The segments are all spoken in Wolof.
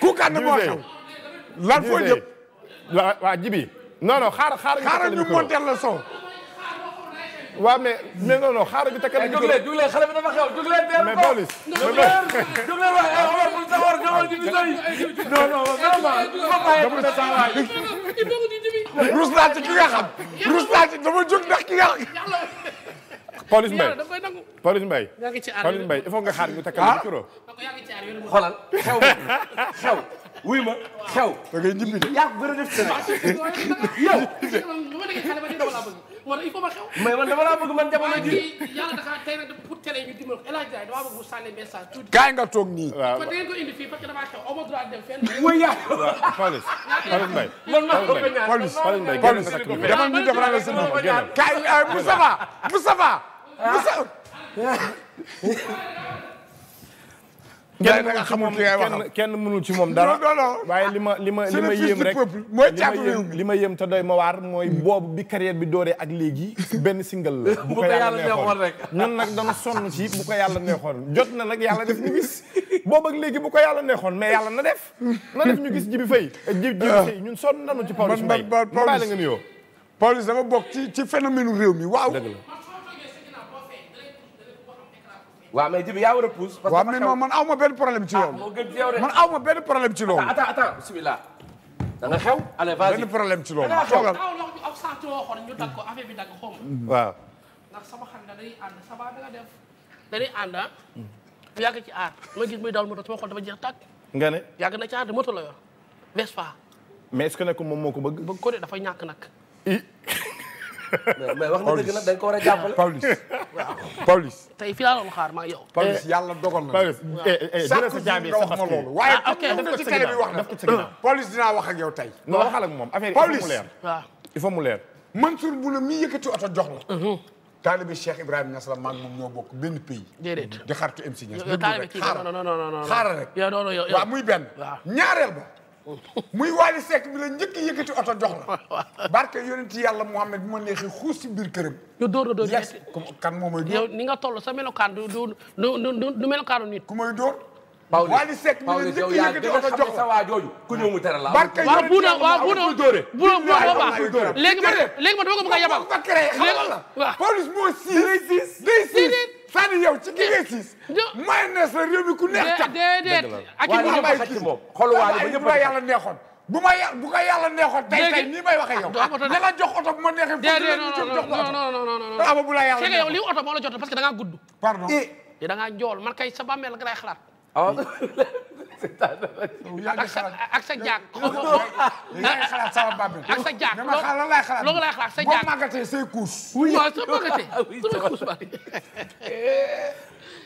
kuukaan na moo xew lan foo jëm waa jibi non non xaar xaar xaaral ñu monteel la son waaw mais mais non non xaaral ñu tekkal ñu. jugle jugle xale bi dafa xew jugle teel mais rus naa ki nga rus naa ci dama jóg ndax ki Pawlish Mbaye Pawlish Mbaye Pawlish Mbaye il faut nga xaar ñu takkal micro xoolal xew xew wuy ma xew da ngay ñibbi de yaa gën a def seen yow wala il faut ma xew. mais man dama laa bëgg man jamono ji yàlla dafa tey nag pour télé ñu dimbal ko El Hadj Ndiaye dama bëgg mu sànni message tuuti. kaay nga toog nii. waaw kon da ngeen ko indi fii parce que damaa xew aw ma droit dem fenn. mooy yàlla. waaw Pawlish Pawlish Mbaye. man maa ko ko ñaan Pawlish Pawlish Mbaye. Pawlish Pawlish Mbaye. demal ñu def ràññeeku si kaay Moustapha Moustapha. kenn nga xamul kenn kenn mënul ci moom dara waaye li ma li ma li ma yéem rek li ma yéem te doy ma waar mooy boobu bi carrière bi dooree ak léegi benn single bu ko yàlla neexoon rek ñun nag dana sonn ci bu ko yàlla neexoon jot na nag yàlla def ñu gis boobu ak léegi bu ko yàlla neexoon mais yàlla na def na def ñu gis jibi fay ah. jibi fay ñun sonn nanu ci Pawlish Mbaye mbaa la nga nuyoo Pawlish dama bokk ci ci phénomène réew mi waaw dëgg la waaw mais Djibi yaa a pousse. parce que man aw ma benn problème ci loolu. Ah, man aw ma benn problème ci loolu. attends attends bismillah. da nga xew allez vas-y benn problème ci loolu. toogal aw loxo bi ko affaire bi dagg xaw ma. waaw. ndax sama xam ne dañuy ànd sa baa da nga def. dañuy ànd ah. ma gis muy dawal moto sama xol dafa jeex tak nga ne yàgg na ci aar de moto la yor Vespa. mais est-ce que nekkul moom moo ko bëgg. bëgg ko de dafa ñàkk nag. mais wax na dëgg nag dañ ko war a jàppale. Pawlish waaw Pawlish. tey fii laa doon xaar ma yow. Pawlish yàlla dogal na. Pawlish jëlee eh, eh, eh, sa jaabi sa xas kii waaye ah, daf ci télé bi wax na. Pawlish dinaa wax ak yow tey. non waxal ak moom affaire yi il faut mu leer. waaw il faut mu leer. Mansour Bouna mi yëkkati oto jox la. Mhm. taalibe Cheikh Ibrahima Niass la maag moom ñoo bokk benn pays. déedéet di xaritu MC Niass. xaaral xaaral rek. waaw muy benn ñaareel ba. muy Waly Seck bi la njëkk yëkkati oto jox la. barke yonent yàlla Muhammad bu ma neexee xuus si biir këram. ñu door a door yes kan moo ni nga toll sa melokaan du du du du melokaanu nit. ku may door. Pawlish Waly Seck mi ngi njëkk yëkkati oto doore. bu ma léegi ma dama ko bëgg a yabal. léegi waaw Pawlish moo c'est-à-dire yow ci ki ngay siis. mayonnaise la réew mi ku neex tax. déedéet ak i mujj ba xaj bu ma yàlla neexoon. bu ma yà bu ko yàlla neexoon. tey tey nii may waxee yow. na la jox oto bu ma neexee. déedéet non non non non non bu la yàlla neexoon yow la jot parce que da ngaa eh, man kay sa bàmmeel nga ah. lay ak sa jaag xalaat sama bab ak sa jaag dama xalaat laay xalaat loolu laay xalaat sa jaag boo màggatee say couche waaw sa màggatee ah sama couche ba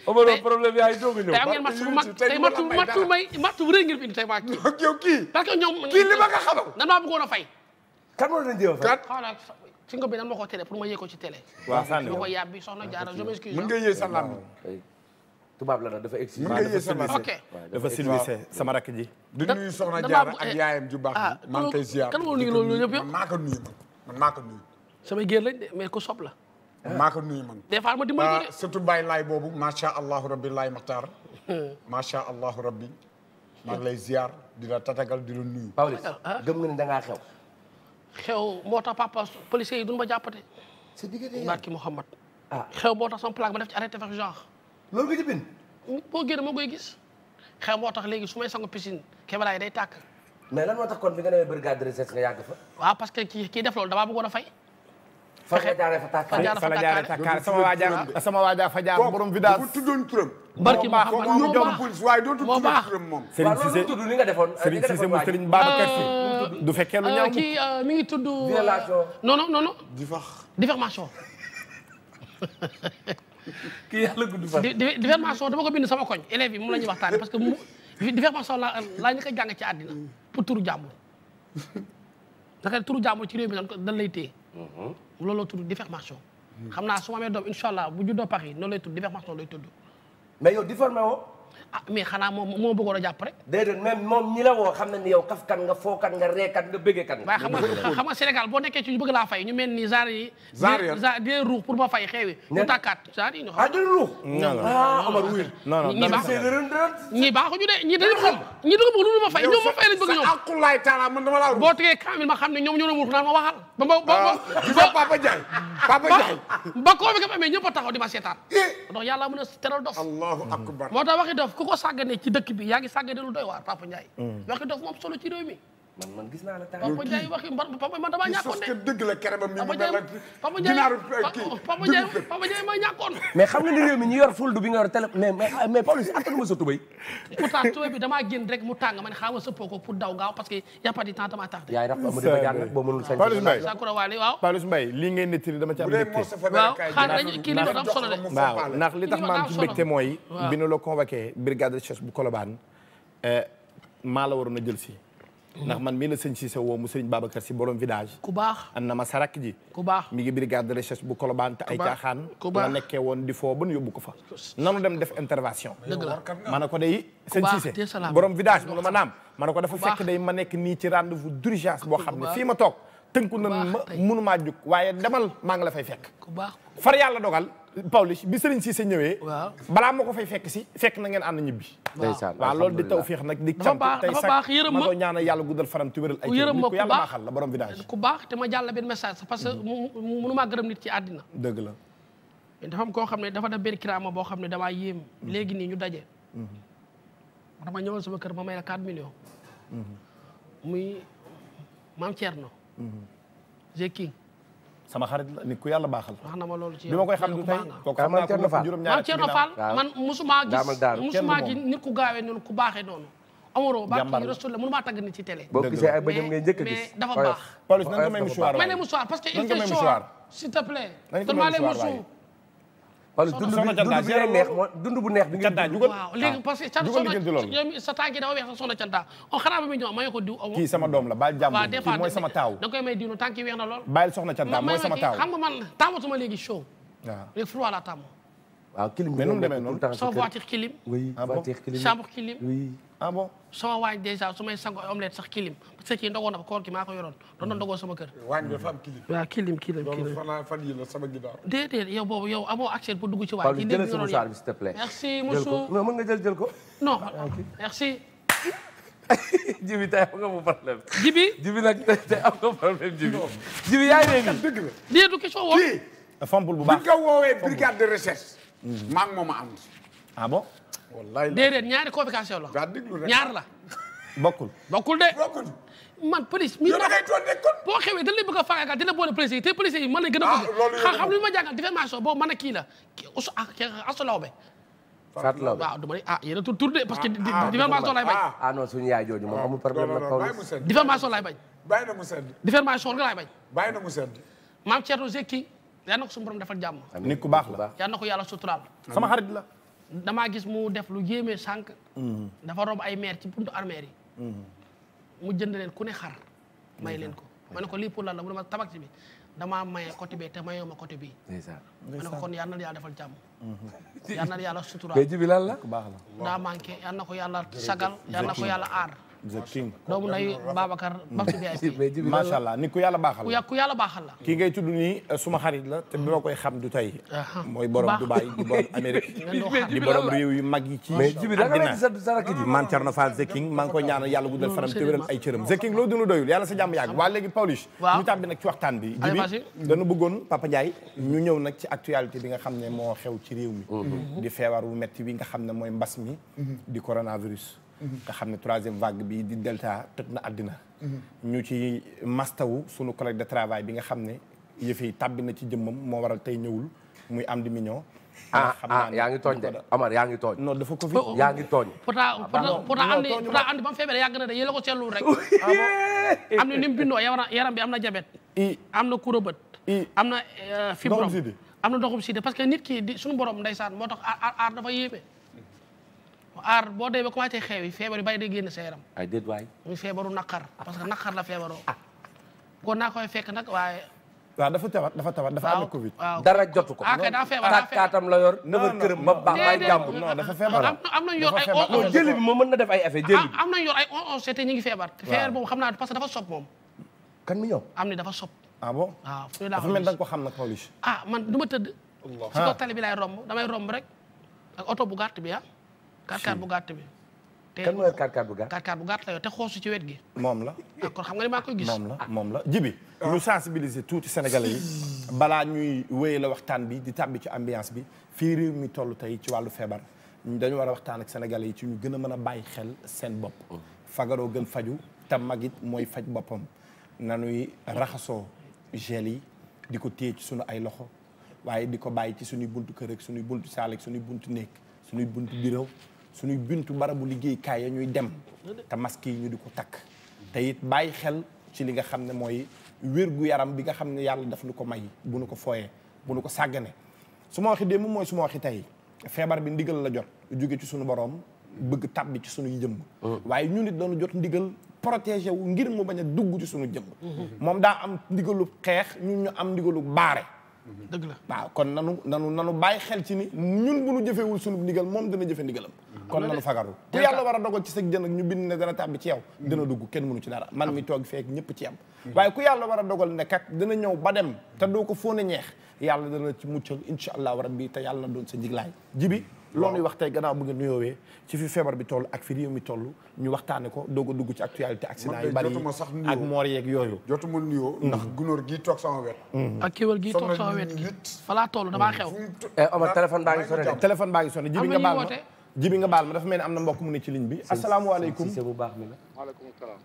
amoon problème yaa ngi doog a ñëw. tey am ngeen mattu bu mag tey mattu mattu may mattu bu rëy ngeen fi indi tey waa kii. yow kii parce que ñoom. kii li ma nga xamal. nan maa bëggoon a fay. kan moo doon jéem a fay. xaw naa fi nga ko bi nan ma ko tere pour ma yee ko ci télé. waaw sànni ma ko yàbbi soxna jaara je m'excuse. mën nga yee sa lam tubaab la dafa exigé. dafa silvissé sama rakk ji. di nuyu soxna Diarra ak yaayam ju baax ji. Ah, maa ngi koy ziar kan moo nuyu loolu ñëpp yow. maa ko nuyu man maa ko nuyu. samay géer lañ de mais ku sopp la. maa ko nuyu man. des fois ma dimbali ko de. Ah, surtout bàyyi laay boobu macha allah rabbi laay maxtaar. macha allah rabbi. maa ngi lay ziar di la tatagal di la nuyu. Pawlish ah. gëm nga ni da ngaa xew. xew moo tax papa policier yi duñu ma jàppate. si diggante yi barki Mouhamad. ah xew moo tax sama plaque ma def ci arrêté fex genre. loolu nga ci bind. boo génn moo koy gis xew moo tax léegi su may sangu piscine kebalaay day tàkk. mais lan moo tax kon bi nga demee brigade yàgg fa. waaw parce que kii kii def loolu damaa bëggoon a fay. fa nga jaaree fa tàkkaale fa la jaaree tàkkaale sama waajaa sama waajaa fa jaar borom vidange. bu tuddoon turam. barki ma xam moo baax waaye doo tudd turam moom. Serigne Cissé nga defoon Serigne Cissé mu Serigne euh, fekkee lu ñaaw euh, kii euh, mi ngi tudd. violation non non non non. diffamation. kii yàlla gudd fan. diffamation dama ko bind sama koñ élèves yi moom la ñuy waxtaanee parce que mu diffamation la laa ñu ko ci àddina pour turu jàmbur. naka turu jàmbur ci réew mi dañ lay téye. Uh-huh. looloo tudd diffamation. xam naa su ma amee doom incha allah bu juddoo Paris noonu lay tudd diffamation lay tudd. mais yow diffamé woo. ah mais xanaa moom moo bëggoon a jàpp rek déedéet même moom ñi la woo xam na ni yow kafkan nga fookan nga reekan nga bëggekan waaye xam nga xam nga Sénégal boo nekkee ci ñu laa fay ñu mel ni genre yi genre ruux pour ma fay xeewi ñu tàkkaat genre ñu xam ah des ruux ah Omar wuy non non ñi baaxuñu de ñi dañu xam ñi dugg bëgg boo tegee kaamil ne ñoom ñoo doon wut naan ma waxal ba ba ah, Papa Ndiaye Papa Ndiaye ba koo bi nga amee ñëpp a taxaw di ma seetaan eh. ndax yàlla mën a dof allahu akbar moo dof ku ko sàgganee ci dëkk bi yaa ngi sàggane lu doy waar Papa Ndiaye. Mm. waxi dof solo ci réew mi. man man gis naa la temps Papa Ndiaye waxi mbar de dëgg la kerebam mi mu Papa Ndiaye Papa Ndiaye eh, mais xam nga ni réew mi ñu yor fuldu bi nga yor télé mais mais Pawlish attanu ma sa tubay pourtant tubay bi mu tàng ma ne xaaral ma sëppoo ko pour daw gaaw parce que y a pas de temps damaa ma dama jàng nag boo mënul sañ Pawlish Mbaye lii ngay netti dama ci am mbégte ma am solo de waaw li tax ma am ci mbégte mooy bi nu la convoqué brigade de bu Colobane euh, maa la waroon a jël si ndax man mii la sëñ Cissé woo mu sëriñ Babacar si borom village ku baax am na ma sarak ji mi gi brigade de recherche bu Colobane te ay caaxaan la nekkee woon di foo ban yóbbu ko fa nanu dem def intervention ma ne ko day sëñ Cissé borom village mu ma naam ma ne ko dafa fekk day ma nekk nii ci rendez-vous d'urgence boo xam ne fii ma toog tënku na ma mënumaa waaye demal maa ngi la fay fekk far yàlla dogal Pawlish bi Serigne Cissé ñëwee. waaw balaa ma ko fay fekk si fekk na ngeen ànd ñibbi. waaw waaw loolu di tawfeex nag. di cant tey sax ma ko ñaanal yàlla guddal faram ci wéral ay yërëm ma ku yàlla baaxal la borom village. ku baax te ma jàll benn message parce que munu maa gërëm nit ci àddina. dëgg la. dafa am koo xam ne dafa def benn kiraama boo xam ne damaa yem mhm. léegi nii ñu daje. Mhm. dama ñëwoon sama kër ma may la 4 millions. Mhm. muy maam Thierno. Jeking. sama xarit la nit ku yàlla baaxal. wax na ma loolu ci yow bi ma koy xam du tey kooku xam naa ko moom juróom-ñaari gis musuma gis ku noonu ku baaxee noonu. amoro baa ki rasul la mënu maa tàgg ni ci télé boo gisee ay bañam ngay njëkk a gis mais dafa baax Pawlish nan nga may mouchoir parce que il fait chaud te plaît donne-moi les mouchoirs wala dund bi dund bi lay neex dund bu neex bi nga waaw léegi ah. parce que soxna sa tànk yi dafa weex sa soxna canta on oh, xanaa ba muy ñëw may ko diw aw kii sama doom la baal jàmm waaw des fois mooy sama taaw da koy may diw tànk yi weex na lool baal soxna canta mooy sama taaw xam nga man taamatuma léegi show waaw ah. léegi froid la taamu waaw kilim bi mais nu mu demee noonu sa voiture kilim oui ah voiture kilim chambre kilim oui ah bon sama waañ dèjà su may sango omelette sax kilim parce que kii ndogoon na koor gi maa yoroon doon na hmm. sama kër waañ dafa am kilim waaw kilim kilim kilim fan yi la boobu yow amoo accès bu dugg ci waañ yi jël sama saar bi s'il te plaît ah, jibi tey am nga mu problème jibi jibi nag tey am nga jibi jibi yaa ngi nii dëgg du question woo bu baax bi nga woowee hmm. a wallaay déedéet ñaari convocation la. ñaar la. bokkul bokkul de. bokkul man police. mi ma boo a faagaagal dina boole police yi te police yi la gën a ah, bëgg. xam xam lu man kii la kii osu asu ah, lawbe. Fatou Laobé waaw ne ah a tur tur de que. Ah, diffamation lay bañ. ah non suñu yaay na mu sedd. diffamation nga lay bañ. bàyyi ko baax la yaa na ko yàlla suturaal. sama xarit la. damaa gis mu def lu jéeme sànq. Mm-hmm. dafa rob ay maire ci buntu armeer yi. Mm-hmm. mu jënd leen ku ne xar. may leen ko mm-hmm. ma ne ko lii pour lan la mu ne ma tabax bi damaa maye côté bi te mayoo ma côté bii. ma ne ko kon yal na defal jàmm. yal na yàlla suturaal. bee ji bi lan la baax la. daa manqué yal na yàlla sagal yal na ko yàlla aar. the na doomu nday Babacar mm. Bafti macha allah ni ku yàlla baaxal la ku yàlla baaxal la kii ngay tudd nii uh, suma xarit la te bi koy xam du tey mooy borom Dubaï di borom Amérique di borom réew yu mag yi ci àddina man Thierno Fall the king maa ngi koy ñaanal yàlla guddal fanam te wéral ay cëram the king loolu dunu doyul yàlla sa jàmm yàgg waa léegi Pawlish ñu tàbbi nag ci waxtaan bi jibi dañu bëggoon Papa Ndiaye ñu ñëw nag ci actualité bi nga xam ne moo xew ci réew mi mm-hmm. di feebar wu metti bi nga xam ne mooy mbas mi mm-hmm. di coronavirus nga xam ne troisième vague bi di delta tëj na àddina ñu ci wu sunu collègue de travail bi nga xam ne yëf yi tàbbi na ci jëmmam moo waral tey ñëwul muy am di mignon ah ah yaa ngi tooñ de Amar yaa ngi tooñ. non dafa ko yaa ngi tooñ. pourtant ah, pourtant am nañu pourtant am nañu ba mu feebaree na de yéen a am na yaram bi am na jabet. am na kuro bët. am na eh, fibrom am na doxum sida parce que nit ki di suñu borom ndeysaan moo tax aar aar dafa yéeme. aar boo dee ba commencé xeew yi feebar yu bari day génn sa yaram. ay déet waay. muy feebaru naqar parce que naqar la feebaroo. kon naa fekk nag waaye. waaw dafa tawat dafa tawat dafa amee Covid. dara jotu ko. ah kay daa feebar daa feebar la yor. nëbër këram ba baax bay jàmbur. non dafa feebar am am nañu ay. on on moom mën na def am on on seete ñu ngi feebar. xam naa parce que dafa am ni dafa sob. ah bon waaw fu da ko xam nag Pawlish. ah man du ma tëdd. si ko tali bi laay romb damay romb rek ak oto bu gàtt bi ah karkaar bu gàtt bi. te kan mooy bu gàtt karkaar bu gàtt la yow te xoosu ci wet gi. moom la ah, kon xam nga ni maa koy gis. la moom la jibi ah. ñu sensibiliser tuuti Sénégalais yi. balaa ñuy wéyee la waxtaan bi di tàbbi ci ambiance bi fii réew mi toll tey ci wàllu feebar dañu war a waxtaan ak Sénégalais yi ci ñu gën a mën a bàyyi xel seen bopp. Mm. fagaroo gën faju te mag mooy faj boppam na nuy raxasoo gel yi di ko téye ci sunu ay loxo waaye di ko bàyyi ci suñuy buntu kër ak suñuy buntu saal ak suñuy buntu suñuy buntu bureau suñuy buntu barabu liggéeykaay ya ñuy dem te maski ñu di ko takk te it bàyyi xel ci li nga xam ne mooy wér-gu-yaram bi nga xam ne yàlla daf nu ko may bu nu ko fooyee bu nu ko sàggane su ma waxi démb mooy su ma waxi tey feebar bi ndigal la jot jóge ci suñu borom bëgg tàbbi ci suñuy jëmm mm. waaye ñu nit dañu jot ndigal protéger wu ngir mu bañ a dugg ci suñu jëmm mm-hmm. moom daa am ndigalu xeex ñun ñu am ndigalu baare mm-hmm. dëgg la waaw kon nanu nanu nanu bàyyi xel ci ni ñun bu nu jëfewul suñu ndigal moom dina jëfe ndigalam kon nanu fagaru ku yàlla war a dogal ci sa jën ñu bind ne dana tàmbi ci yow dana dugg kenn mënu ci dara man mi toog feek ñëpp ci am mhm. waaye ku yàlla war a dogal ne kat dana ñëw ba dem te doo ko fóon a ñeex yàlla dana ci muccal insha allahu rabbi te yàlla na doon sa njiglaay jibi loolu ñuy wax tey gannaaw bu ngeen nuyoowee ci fi feebar bi toll ak fi réew mi toll ñu waxtaane ko doog dugg ci actualité accident yi bari ak moor yeeg yooyu jotuma nuyoo mhm. ndax gunóor gii toog sama wet mhm. ak kéwél gii toog sama wet gi xew eh, Omar téléphone baa baa ngi sonné jibi nga baal ma jibi nga baal ma dafa mel ni am na mbokk mu ne ci ligne bi se bu baax mi la maaleykum salaam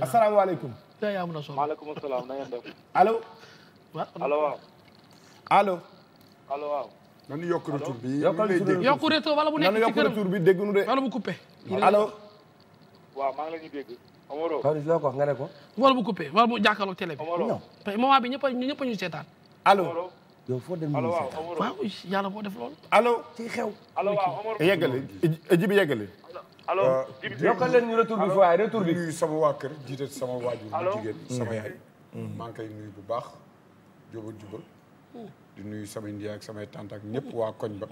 asalaamaaleykum yaa mun salaam na ngeen def allo allo waaw yokk retour bi yokk retour wala bu nekk bi déggunu de wala bu coupé allo waaw maa ngi la ñuy dégg Omaro Pawlish loo ko nga ne ko wala bu coupé wala bu jàkkaarloog télé bi bi ñëpp ñu ñëpp ñu seetaan allo yow foo dem waaw yàlla moo def loolu. allo xew. allo waaw Omar eh, yeggale eh, ji ah, bi yeggale. allo yokkal sama waa kër jiite sama waajur bu jigéen sama mm. yaay. Mm. maa ngi koy nuyu bu baax. jubal jubal. Mm. di nuyu samay ndiyaay ak samay tante ak ñëpp waa koñ ba.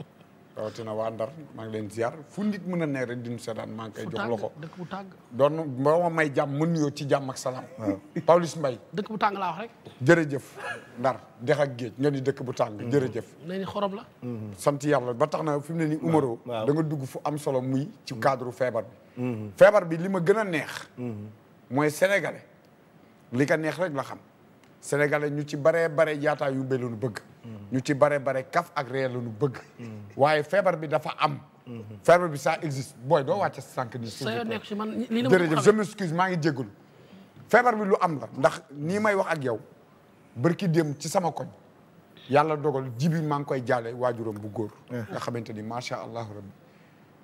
rawatina waa Ndar maa ngi leen ziar fu nit mën a ne rek di nu seetaan maa ngi koy jox loxo dëkk bu tàng doon ba ma may jàmm mën nuyoo ci jàmm ak salaam Pawlish Mbaye dëkk bu tàng laa wax rek jërëjëf Ndar dex ak géej nga ni dëkk bu tàng mm-hmm. jërëjëf nee ni xorom la mm-hmm. sant yàlla ba tax na fi mu ne nii Umaro da nga dugg fu am solo muy ci mm-hmm. cadre feebar bi feebar bi li ma gën a neex mooy sénégalais li ko neex rek la xam sénégalais ñu ci baree bare jaataa yu mbéy la ñu bëgg ñu ci bare bare kaf ak réer la ñu bëgg. waaye feebar bi dafa am. feebar bi saa existe booy doo wàcce sànq ni sa yoon nekk si man lii la jërëjëf je maa ngi jéggul feebar bi lu am la ndax nii may wax ak yow bërki dem ci sama koñ yàlla dogal ji bi maa ngi koy jaale waajuram bu góor. Ah. nga xamante ni macha allah rabbi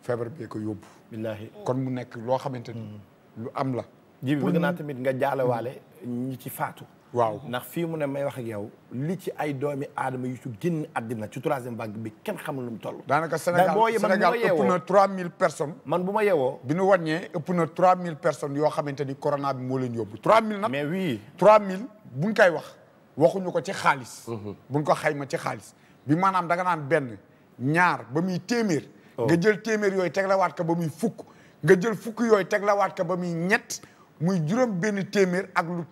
feebar bee ko yóbbu. billaahi kon mu nekk loo xamante ni. Mm. lu am la. ji bi naa tamit nga jaale waale ñi ci faatu. waaw ndax fii mu ne may wax ak yow li ci ay doomi aadama yu ci génn àddina ci troisième vague bi kenn xamul nu mu toll. daanaka Sénégal Sénégal ëpp na 3000 personnes. man bu ma yeewoo. bi nu wàññee ëpp na mille personnes yoo xamante ni corona bi moo leen yóbbu 3000 nag. mais mille bu buñ koy wax waxuñu ko ci xaalis. Mhm. buñ ko xayma ci xaalis bi maanaam danga naan benn ñaar ba muy téeméer. Oh. nga jël téeméer yooyu waat ko ba muy fukk. nga jël fukk yooyu teglawaat ko ba muy ñett muy juróom benn téeméer ak lu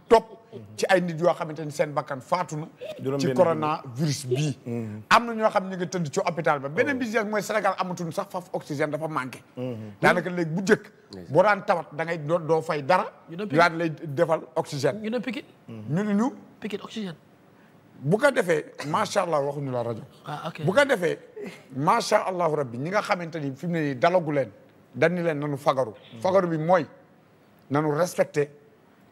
ci ay nit yoo xamante ni seen bakkan faatu na ci corona virus bii mm-hmm. am na ñoo xam ñu ngi tëdd ci hôpital ba beneen bi mooy Sénégal amatuñ sax faf oxygène dafa manqué mm-hmm. daanaka léegi bu jëkk boo daan tawat da ngay doo fay dara ñu daan lay defal oxygène ñu ne pikit ñu ne ñu pikit oxygène bu ko defee macha allah waxuñu la rajo ah, bu ko defee macha allah rabbi ñi nga xamante ni fi mu ne nii dalagu leen dañu leen nanu fagaru mm. fagaru bi mooy nanu respecté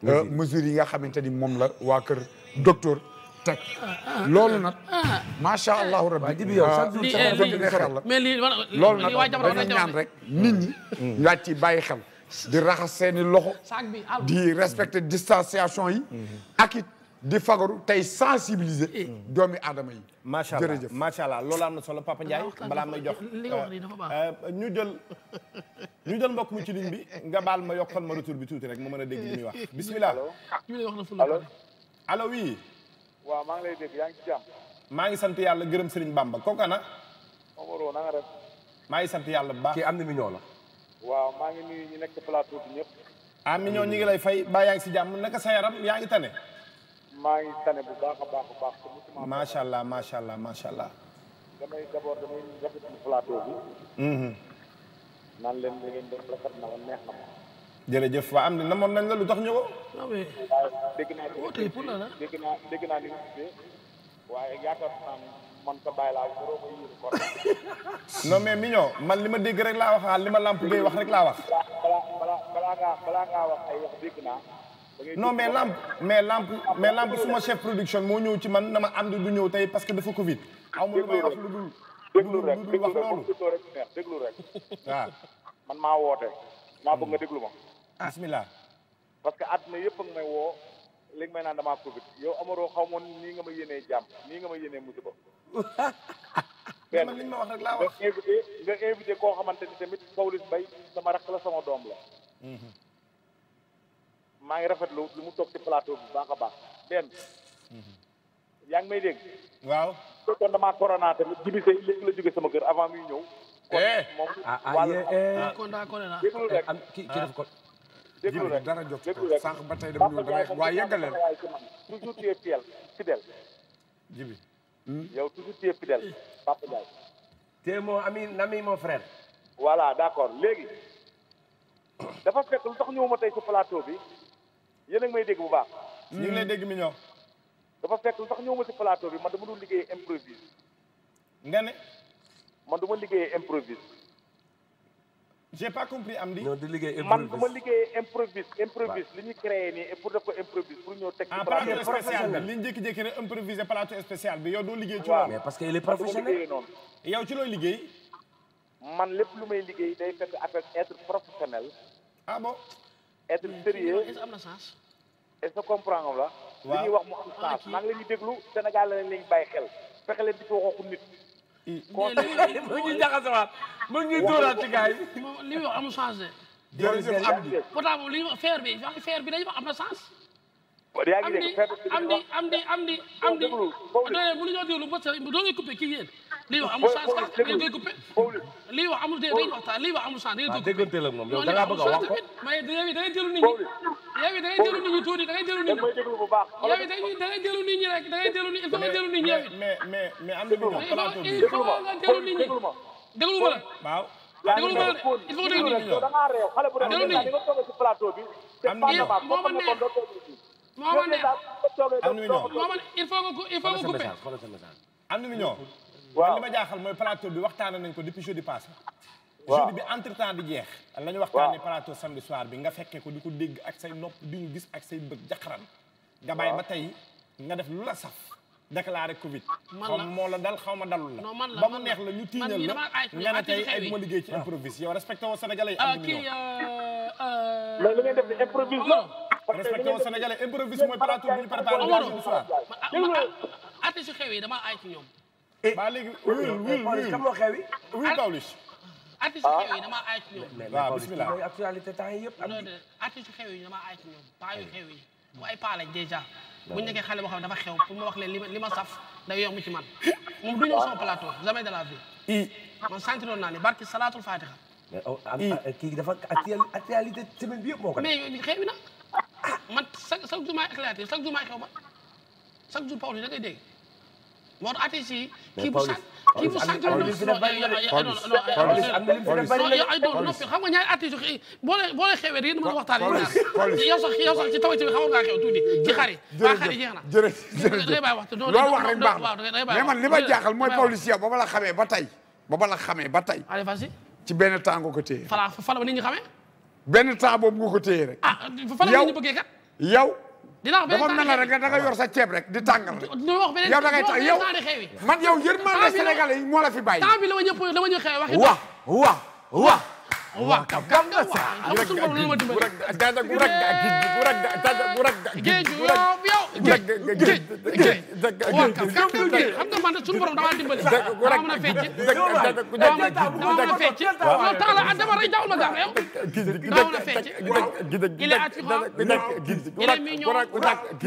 Euh, mesures yi nga xamante ni moom la waa kër docteur teg loolu nag macha allahu rabbi jibi yow ah, eh, mais lii loolu nag dañu ñaan rek nit ñi laaj mm. ci bàyyi xel di raxas seeni loxo ah. di respecter distanciation yi mm-hmm. ak di fagaru tey sensibiliser. Eh. doomi aadama yi. macha allah jërëjëf macha allah loolu am na solo Papa Ndiaye balaa may jox euh, euh, ñu jël ñu jël mbokk mu ci ligne bi nga baal ma yokkal ma retour bi tuuti rek ma mën a dégg li muy wax eh. bismillah. allo ah, allo oui. waaw maa ngi lay dégg yaa ngi ci jàmm. maa ngi sant yàlla gërëm Serigne Bamba kooka na. Omaro na maa ngi sant yàlla bu baax kii am na ñoo la. waaw maa ngi nuyu ñi nekk plateau bi ñëpp. ah million ñi ngi lay fay ba yaa ngi si jàmm naka sa yaram yaa ngi tane. maa ngi tane bu baax a baax a baax. macha allah macha allah macha allah. damay d'abord mm-hmm. rafet jërëjëf waa am na namoon nañ la lu tax ñëwoo. dégg naa woote oh, pour dégg naa dégg naa li waaye yaakaar naa man sa mais mignon man li ma dégg rek laa wax li ma lamp bay wax rek laa wax. balaa balaa ngaa wax ay wax dégg naa. no mais lamp mais lamp mais lamp suma chef production moo ñëw ci man na ma am du ñëw tey parce que dafa Covid. aw ma lu may wax lu dul déglu rek déglu rek déglu rek waaw man maa woote maa bëgg nga déglu ma ah. bismillah parce que àdduna yëpp ak woo léegi may naan damaa yow amaroo xaw moon nii nga ma yéenee jàmm nii nga ma yéenee musiba man li ma wax rek laa wax nga invité nga koo xamante ni tamit Pawlish Mbaye sama rakk la sama doom la mhm. maa ngi rafetlu lu mu toog ci plateau bu baax a baax benn yaa ngi may dégg waaw fekkoon damaa corona tamit jibise léegi la jóge sama kër avant muy ñëw eh! moom ah, ah, wàllam eh! ah, ki def ko déglu rek dara jot sànq ba tey dama ñëw damay waaye yëggale toujours tu es fidèle fidèle jibi hmm? yow toujours tu es fidèle Papa Ndiaye te mon ami nami mon frère wala d'accord léegi dafa fekk lu tax ñëwuma tey ci plateau bi yéen a ngi may dégg bu baax. ñu ngi lay dégg mi ñëw. dafa fekk sax ñëw ma si plateau bi man dama doon liggéeyee improvise. nga ne. man dama liggéeyee improvise. j'ai pas compris am di. non di liggéey improvise man dama liggéeyee improvise. improvise li ñu créé nii pour def ko improvise pour ñëw teg. ci plateau spécial bi li ñu jékki-jékki rek improviser plateau spécial bi yow doo liggéey. ci parce que il est professionnel yow ci looy liggéey. man lépp lu may liggéey day fekk avec être professionnel. ah bon. être sérieux est am na sens est-ce la li ñuy wax mu am ah, sens maa ngi déglu Sénégal la leen bàyyi xel fexe leen di ko waxu nit mu ngi jaxasewaat mu ngi dóoraat ci gars li muy wax amul sens de jërëjëf am li ñu wax faire bi faire bi dañu wax am na sens yaa ngi dégg am di am di am di am di bu ñu déglu parce que doo ngay coupé kii yéen lii wax amul chance sax da ngeen koy coupé lii wax amul dañuy waxtaan lii wax amul chance da ngeen koy coupé déggante la moom yow da ngaa bëgg a wax ko mais da ngay jëlu nit ñi yow da ngay jëlu nit ñi tuuti da ngay jëlu nit ñi yow da ngay jëlu nit ñi rek da ngay jëlu nit il faut nga jëlu nit ñi yow mais mais mais am na lu ñu xalaatu il faut nga jëlu nit ñi déglu ma la waaw déglu ma la il faut nga jëlu nit ñi da nga réew xale bu da nga toog ci plateau bi moo ma neex am na million il faut nga il faut nga na million waaw li ma jaaxal mooy plateau bi waxtaana nañ ko depuis jeudi passé jeudi bi entre temps di jeex la ñu waxtaane plateau samedi soir bi nga fekkee ko di ko dégg ak say nopp di ñu gis ak say bët jaxaran nga bàyyi ba tey nga def lu la saf déclaré Covid. man la moo la dal xaw ma dalul la. man ba mu neex la ñu tiiñal la nga ne tey ay bu ma liggéey ci ah. improvise yow respecté woo Sénégalais yi. am ah, na million kii. Euh, euh, mais li ngay def ni improvise la. respecté woon Sénégalais improvisé mooy plateau bu ñu préparé. artiste xew yi dama ay ci ñoom. Eh, ba léegi oui oui oui xew yi. oui Pawlish. artiste xew yi ah. dama ay ci ñoom. waaw bismillah mooy actualité temps yi yëpp. artiste xew yi dama ay ci ñoom paa yu xew yi bu ay paa lañ déjà. bu ñu nekkee xale boo xam ne dafa xew pour ma wax leen li ma li ma saf day yomb ci man moom du ñëw ah. sama plateau jamais de la vie. man sentiroon naa ne barki salaatul fatiha. Oh, kii dafa actualité semaine bi yëpp moo ko mais xew na. ah man chaque chaque jour maay éclaté chaque jour maay xew ma chaque jour Pawlish da ngay dégg moo tax artiste yi. kii bu sant kii bu sant yow non xam nga ñaari artiste yi boo leen boo leen xewee rek yéen a mën a waxtaanee ñaar yow sax yow sax ci taw ci xaw nga xew tuuti ci xar yi. jërëjëf day bàyyi waxtu loolu wax rek baax na mais man li ma jaaxal mooy Pawlish yow ba ma la xamee ba tey ba ma la xamee ba tey. ci benn temps nga ko téye. fala fala ba nit ñi xamee benn temps boobu nga ko téye rek. ah fan la ñu bëggee kat. yow. dinaa wax benn temps rek da nga yor sa ceeb rek di tàngal rek. ñu wax beneen yow da ngay yow man yow yërmande Sénégalais yi moo la fi bàyyi. temps bi la ma ñëpp la ma ñëpp xew waxi. wa wa wa. waka ganga sa amsul wala ma dimbali gurak dada gurak gurak dada gurak géej yow yow géej géej géej waka ganga géej xam nga man suñu borom dama dimbali dama mën a fecc dama mën a fecc yow tax la dama rey jawul ma gaaw yow dama mën a fecc il est attirant il est mignon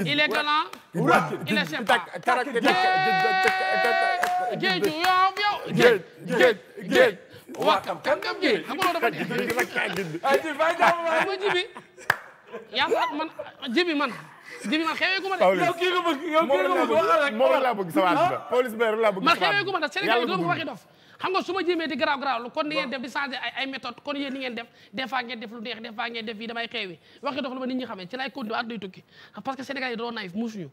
il est galant il est sympa géej géej yow yow géej géej géej waa kam kam kam gi xam nga loolu dafa neex man jibi man jibi gu de yow kii nga bëgg yow ah. man xewee gu ma de Sénégal waxi dof xam nga su ma jéemee di garaaw garaaw kon ni def di changer ay ay kon yéen ni def des def lu neex des def yi damay xeewi waxi dof lu ma nit ñi xamee ci laay continuer at luy tukki parce que Sénégal yi doon naïf musuñu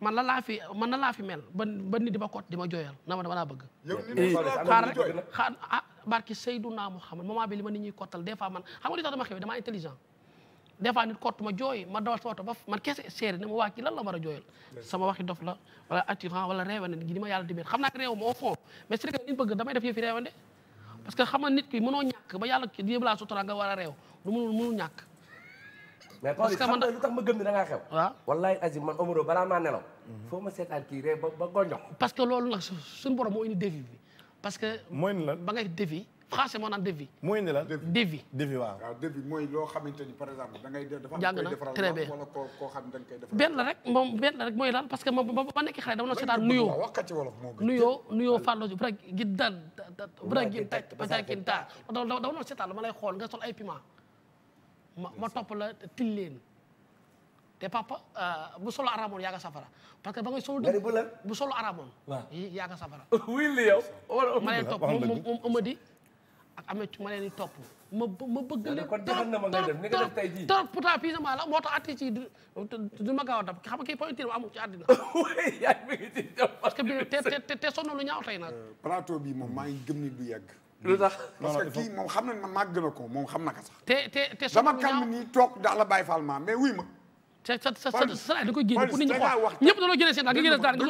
man la laa fi man la laa fi mel ba ba nit di ma kot di ma jooyal na ma dama laa bëgg. Eh, eh, xaar rek xaar ah barki Seydouna Muhammad moment bi li ma nit ñuy kottal des fois man xam nga li tax dama xew damaa intelligent. des nit kott ma jooy ma dawal sama oto ba man kese seeri ne ma waa kii lan la war a jooyal sama waxi dof la wala attirant wala ma yàlla dimbali xam naa réew ma au fond mais c'est que nit bëgg damay def yëfi réewande parce que xam nga nit ki noo ñàkk ba yàlla yëpp laa sutura nga war a réew lu mënul mënul ñàkk mais Pawlish xam nga lu tax ma gëm ni da ngaa xew. waaw wallaahi azim man Omaro balaa maa nelaw. foo ma seetaan kii ba ba parce que loolu la suñu borom moo indi défi parce que. mooy ni la ba moo naan défi. mooy loo xamante ni par exemple da ngay def dafa am koy defaral wala koo koo xam da nga koy defaral. benn la rek moom benn la rek mooy lan parce que ma nekk xale dama doon seetaan nuyoo. ma lay xool nga sol ay piment ma ma topp la tilleen te papa euh, bu solo aramoon yaa nga safara parce que ba ngay solo dëgg bu solo aramoon yaa nga safara wii li yow ma leen topp moom moom Amady ak Ameth ma leen di topp ma ma bëgg leen kon na ma tey jii trop pourtant la moo tax artiste yi du ma gaaw a dab xam nga kii pointure ba amul ci àddina que te te te sonn lu ñaaw tey nag euh, bi moom maa ngi gëm ni du yàgg lu tax parce que kii moom xam na ma màgg na ko moom xam na ko sax. te te te dama calme nii toog daal la bàyyi faal ma mais wuy ma. sa sa sa salaay da koy génne pour nit ñi xool ñëpp dañoo génne seen daal nga génne daal nga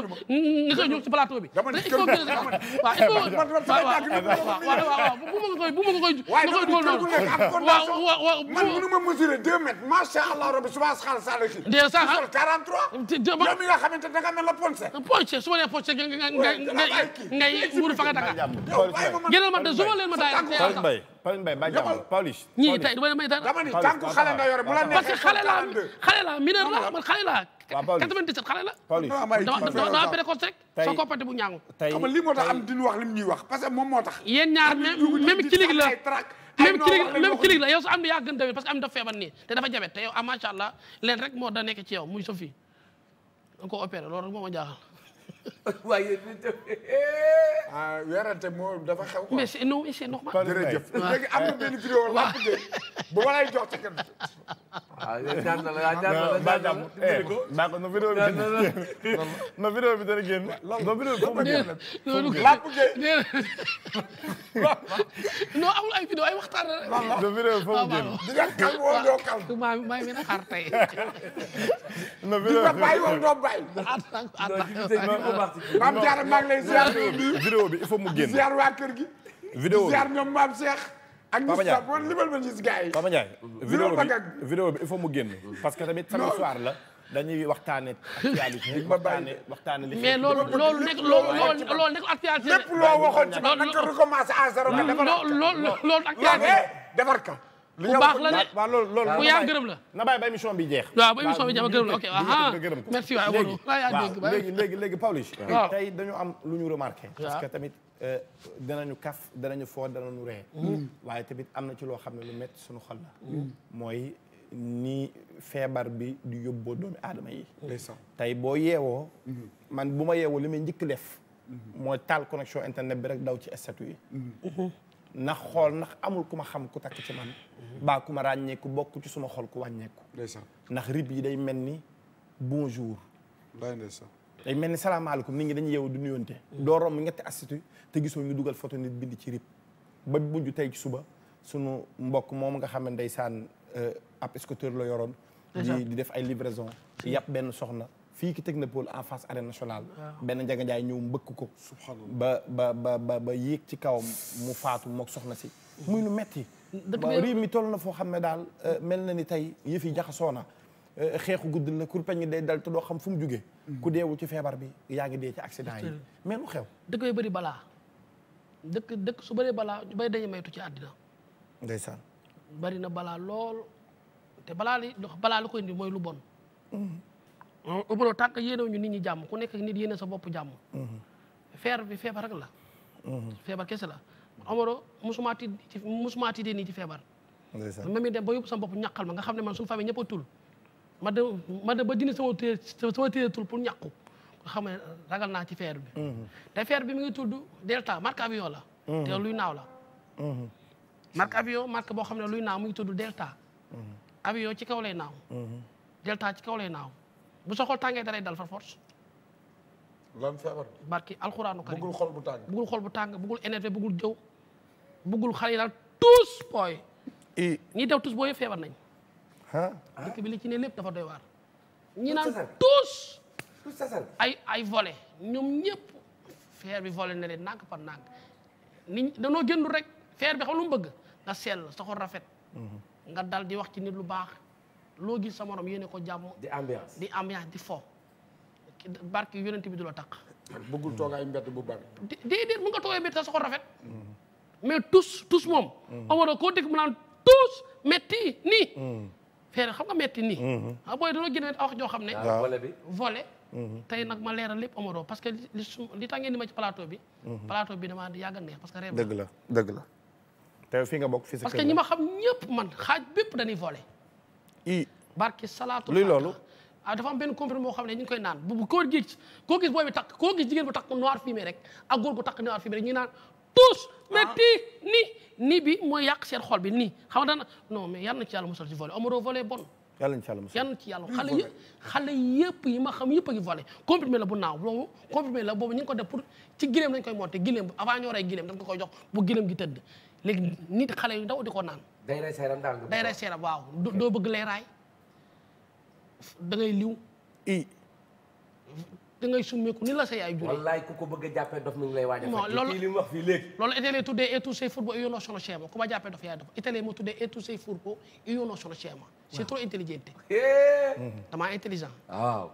soo ñëw ci plateau bi il faut génne sa waaw bu ma nga koy bu ma nga koy nga koy dugal noonu waaw waaw man mënu ma mesurer deux mètres macha allah rabbi suba xaal sala ci de sa 43 yow mi nga xamante da nga mel la ponce ponce su ma nee ponce ngay ngay wuru fa nga daka génnal ma de su ma leen ma daay Pawlish Mbaye ba jàmm Pawlish. ñii tey du ma may dara dama ni tànku xale nga yore bu dama dama précoce rek. tey soo koppati bu ñaangu. tey lii moo tax am duñu wax lim ñuy wax parce moom moo tax. yéen ñaar même kilig la. même kilig la yow su am yaa gën tamit parce am dafa feebar nii te dafa jabet te yow ah macha allah leen rek moo da nekk ci yow muy Sophie. da loolu rek moo jaaxal waaye ah weerante moo dafa xew quoi. mais c'est non mais c'est normal. jërëjëf léegi am na benn vidéo làmp de bu ma lay jox ci kenn. ah ñaan na la ñaan na la ñaan na la d'accord vidéo bi non vidéo bi dana génn. non vidéo bi foofu génn làmp de. non amul ay vidéo ay waxtaan la. non vidéo bi foofu génn. di nga kal woo doo kal. maa maa ngi xaar tey. non vidéo bi di nga bàyyi woo doo bàyyi. maam Diarra maa ngi lay ziar bi vidéo bi il faut mu génn ziar waa kër gi. vidéo bi ziar ñoom maam Cheikh. ak ñi si sax limal ma gis gars yi. Papa Ndiaye vidéo bi vidéo bi il faut mu génn parce que tamit samedi soir la. dañuy waxtaane actualité waxtaane waxtaane li mais loolu loolu nekk loolu loolu nekk actualité lépp loo waxoon ci man nag recommencer à zéro nga defar loolu loolu actualité defar ka bu baax la de ku yaa gërëm la. na bàyyi ba émission bi jeex. waaw ba émission bi jeex ba gërëm la ok waaw merci waay Wado waaw léegi léegi léegi Pawlish. waaw tey dañu am lu ñu remarqué. parce que tamit euh, danañu kaf danañu foo danañu ree. Mm. waaye tamit am na ci loo xam ne lu métti suñu xol la. Mm. mooy ni feebar bi di yóbboo doomi aadama yi. tey boo yeewoo. Mm-hmm. man bu ma yeewoo li may njëkk def. Mm-hmm. mooy taal connexion internet bi rek daw ci statut yi. Mm-hmm. na xool ndax amul ku ma xam ku takk ci man baa ku ma ràññeeku bokk ci suma xol ku wàññeeku ndax rib yi day mel ni bonjour day mel ni salaamaaleykum nit ngi dañuy yeewu du nuyoonte doo romb ñetti institut te gisoo ñu dugal photo nit bind ci rib ba mujj tey ci suba sunu mbokk moom nga xam ne ndeysaan euh, ab scooter la yoroon di di def ay livraison yàpp benn soxna fii ki technopole en face arène nationale. benn Ndiaga Ndiaye ñëw mbëkk ko. ba ba ba ba ba ci kaw mu faatu mook soxna si. muy lu metti dëgg mi toll na foo xam ne daal euh, mel na ni tey yëf yi jaxasoo na euh, xeexu gudd na kurpeñ day dal te doo xam fu mu jugee. Mm-hmm. ku deewu ci feebar bi yaa ngi dee ci accident yi. mais lu xew. dëkk yu bëri balaa. dëkk dëkk su bëree balaa ñu bëri maytu ci àddina. bari na balaa lool te balaa li balaa li ko indi mooy lu bon. Mm-hmm. ubunoo tànk yéenew ñu nit ñi jàmm ku nekk nit yéene sa bopp jàmm mm-hmm. feer bi feebar la mm-hmm. feebar kese la amoro musuma tiit ci musuma tiitee ci feebar ma mi dem ba yóbbu sama bopp ñàkkal ma nga xam ne man suñu famille ñëpp a ma dem ma dem ba dindi sama téere sama téere tul pour ñàkku nga xam ne ragal naa ci feer bi mm-hmm. te feer bi mi ngi tudd delta marque avion la te luy naaw la marque avion marque boo xam ne luy naaw mu ngi tudd delta avion ci kaw lay naaw delta ci kaw lay naaw bu sa tàngee dalay dal fa force. lan feebar. barki alxuraanu karim bëggul xol bu tàng. bëggul xol bu tàng bëggul énervé bëggul jëw bëggul xale yi daal tous booy. i ñiy daw feebar nañ ah bi li ci ne lépp dafa doy waar. ñi naan tous. ay ay vole ñoom ñëpp. feer bi vole na leen nànk par nànk ni danoo jëndul rek feer bi xam lu mu bëgg nga sell sa xol rafet. Mhm. nga dal di wax ci nit lu baax. loo gis sa morom yéene ko jàmm. di ambiance di ambiance di fo. barke yonent bi du la takk. bëggul toogaay mbett bu bari. nga toogee mbett sa ko rafet. mais tous tous moom. Omaro mm. ko dégg mu naan tous metti nii. Mm. feere xam nga metti nii. Mm-hmm. ah booy dina a wax joo xam ne. volet bi volet. Mm-hmm. tey nag ma leeral lépp Omaro parce que li su ngeen di ma ci plateau bi. Mm-hmm. plateau bi damaa yàgg neex parce que. réew dëgg la dëgg la. te fi nga bokk fi parce que ñi ma xam ñëpp man xaaj bépp dañuy volet. i barke salaatu luy loolu ah dafa am benn comprimé moo xam ne ñu ngi koy naan bu koo gis koo gis booy bi takk koo gis jigéen bu takk noir fumé rek ak góor gu takk noir fumé rek ñu ngi ah. metti ni ni bi mooy yàq seen xol bi nii xam nga non mais yal na ci yàlla musal ci volé amoro volé bon yàlla na ci yàlla musal yàlla na ci yàlla xale yëpp xale yëpp yi ma xam yëpp a ngi volé comprimé la bu naaw boobu comprimé la boobu ñu ngi ko def pour ci gileem lañ koy monté gileem avant ñoo rey gileem dañ ko koy jox bu gileem gi tëdd léegi nit xale yu ndaw di ko naan day rey sa yaram daal day rey sa waaw doo bëgg leeraay da ngay liw i da ngay summeeku ni la sa yaay juree wallaay ku ko bëgg a jàppee dof mi ngi lay waaj a fekk loolu li mu wax fii léegi loolu italien tuddee et tout say fourbo io non sono scema ku ma jàppee dof yaay dof italien moo trop intelligent damaa intelligent waaw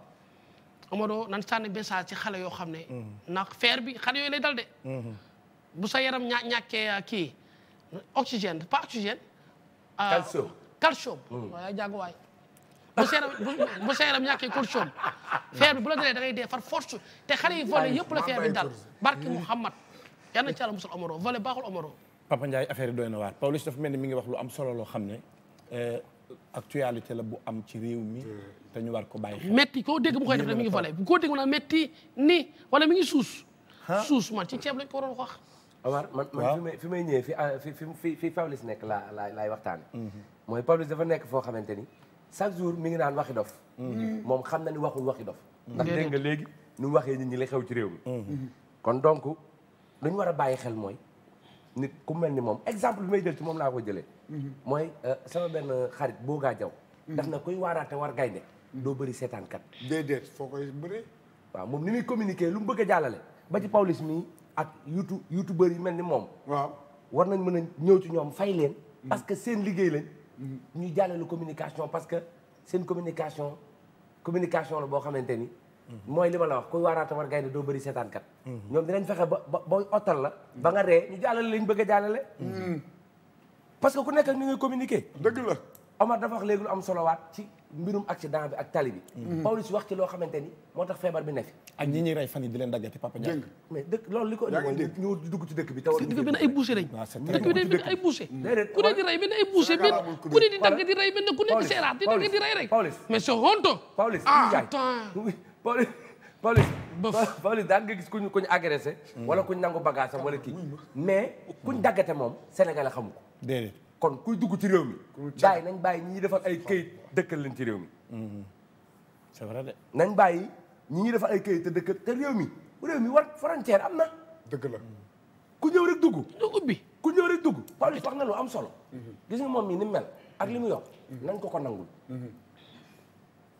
Amado nan sànni message ci xale yoo xam ne mm-hmm. ndax feer bi xale yooyu lay dal de mm-hmm. bu sa yaram ñaa ñàkkee ah, kii oxygène pas oxygène Ah, calcium calcium. Hmm. waaye jàng waay bu seeram bu seeram ñàkkee calcium. feer bi bu la dalee da dee far force te xale yi volet yëpp la feer bi dal barki Muhammad yal na ci yàlla musal Omaro volet baaxul Omaro. Papa Ndiaye affaire yi doy na waar Pawlish dafa mel ni mi ngi wax lu am solo loo xam ne eh, actualité la bu am ci réew mi te ñu war ko bàyyi metti métti koo dégg mu koy def rek mi ngi volet koo dégg mu naan métti ni wala mi ngi suus. suus man ci ceeb lañ ko waroon wax. Omar man man fi may fi may ñëwee fi ah, fi fi fi Pawlish nekk laa la laay waxtaane mhm. mooy Pawlish dafa nekk foo xamante ni chaque jour mi ngi naan i dof mhm. moom xam na ni waxul waxi dof mhm. ndax dégg nga léegi nu waxee nit ñi li xew ci réew mi kon donc lu war a bàyyi xel mooy nit ku mel ni moom exemple bi may jël ci moom laa ko jële mooy euh, sama benn xarit boo gaa jaw daf na kuy waaraate war gaynde doo bëri seetaankat déedéet foo koy bëree waaw moom ni muy communiquer lu mu bëgg a jàllale ba ci Pawlish mii ak youtube youtubeur yi mel ni moom. war nañ mën a ñëw ci ñoom fay leen. Mm-hmm. parce que seen liggéey lañ. Mm-hmm. ñuy jàllale communication parce que seen communication communication la boo xamante ni. Mm-hmm. mooy li ma la wax kuy waaraata war gaynde doo bëri seetaan kat. ñoom dinañ fexe ba ba ba ottal la. ba nga ree ñu leen lañ bëgg a jàllale. parce que ku nekk ak ni ngay communiquer. dëgg la Omar dafa wax léegi lu am solowaat ci. mbirum accident bi ak tali bi. Mhm. Pawlish wax ci loo xamante ni moo tax feebar bi ne fi. ak ñi ñuy rey fan i di leen daggati papa Ndiaye. mais dëkk loolu li ko indi mooy ñu dugg ci bi. taw dëkk bi ne ay boucher lañ. dëkk bi day mel ay boucher. ku ku ne di dagg di rey benn ku ne di seeraat di dagg di rey mais c'est honteux. Pawlish ah, kuñ mm. nangu bagage am wala kii kuñ daggate moom Sénégal xamu ko kon kuy dugg ci réew mi. gars yi nañ bàyyi ñi ñuy defar ay këyit dëkkal leen ci réew mi. Mm-hmm. c'est vrai de. nañ bàyyi ñi ñuy defar ay këyit te dëkkal te réew mi réew mi war frontière am na. dëgg la ku ñëw rek dugg. dugg ubbi ku ñëw rek dugg. Pawlish wax na lu am solo. Mm-hmm. gis nga moom mii ni mu mel ak li mu yokk. Mm-hmm. nañ ko ko nangul.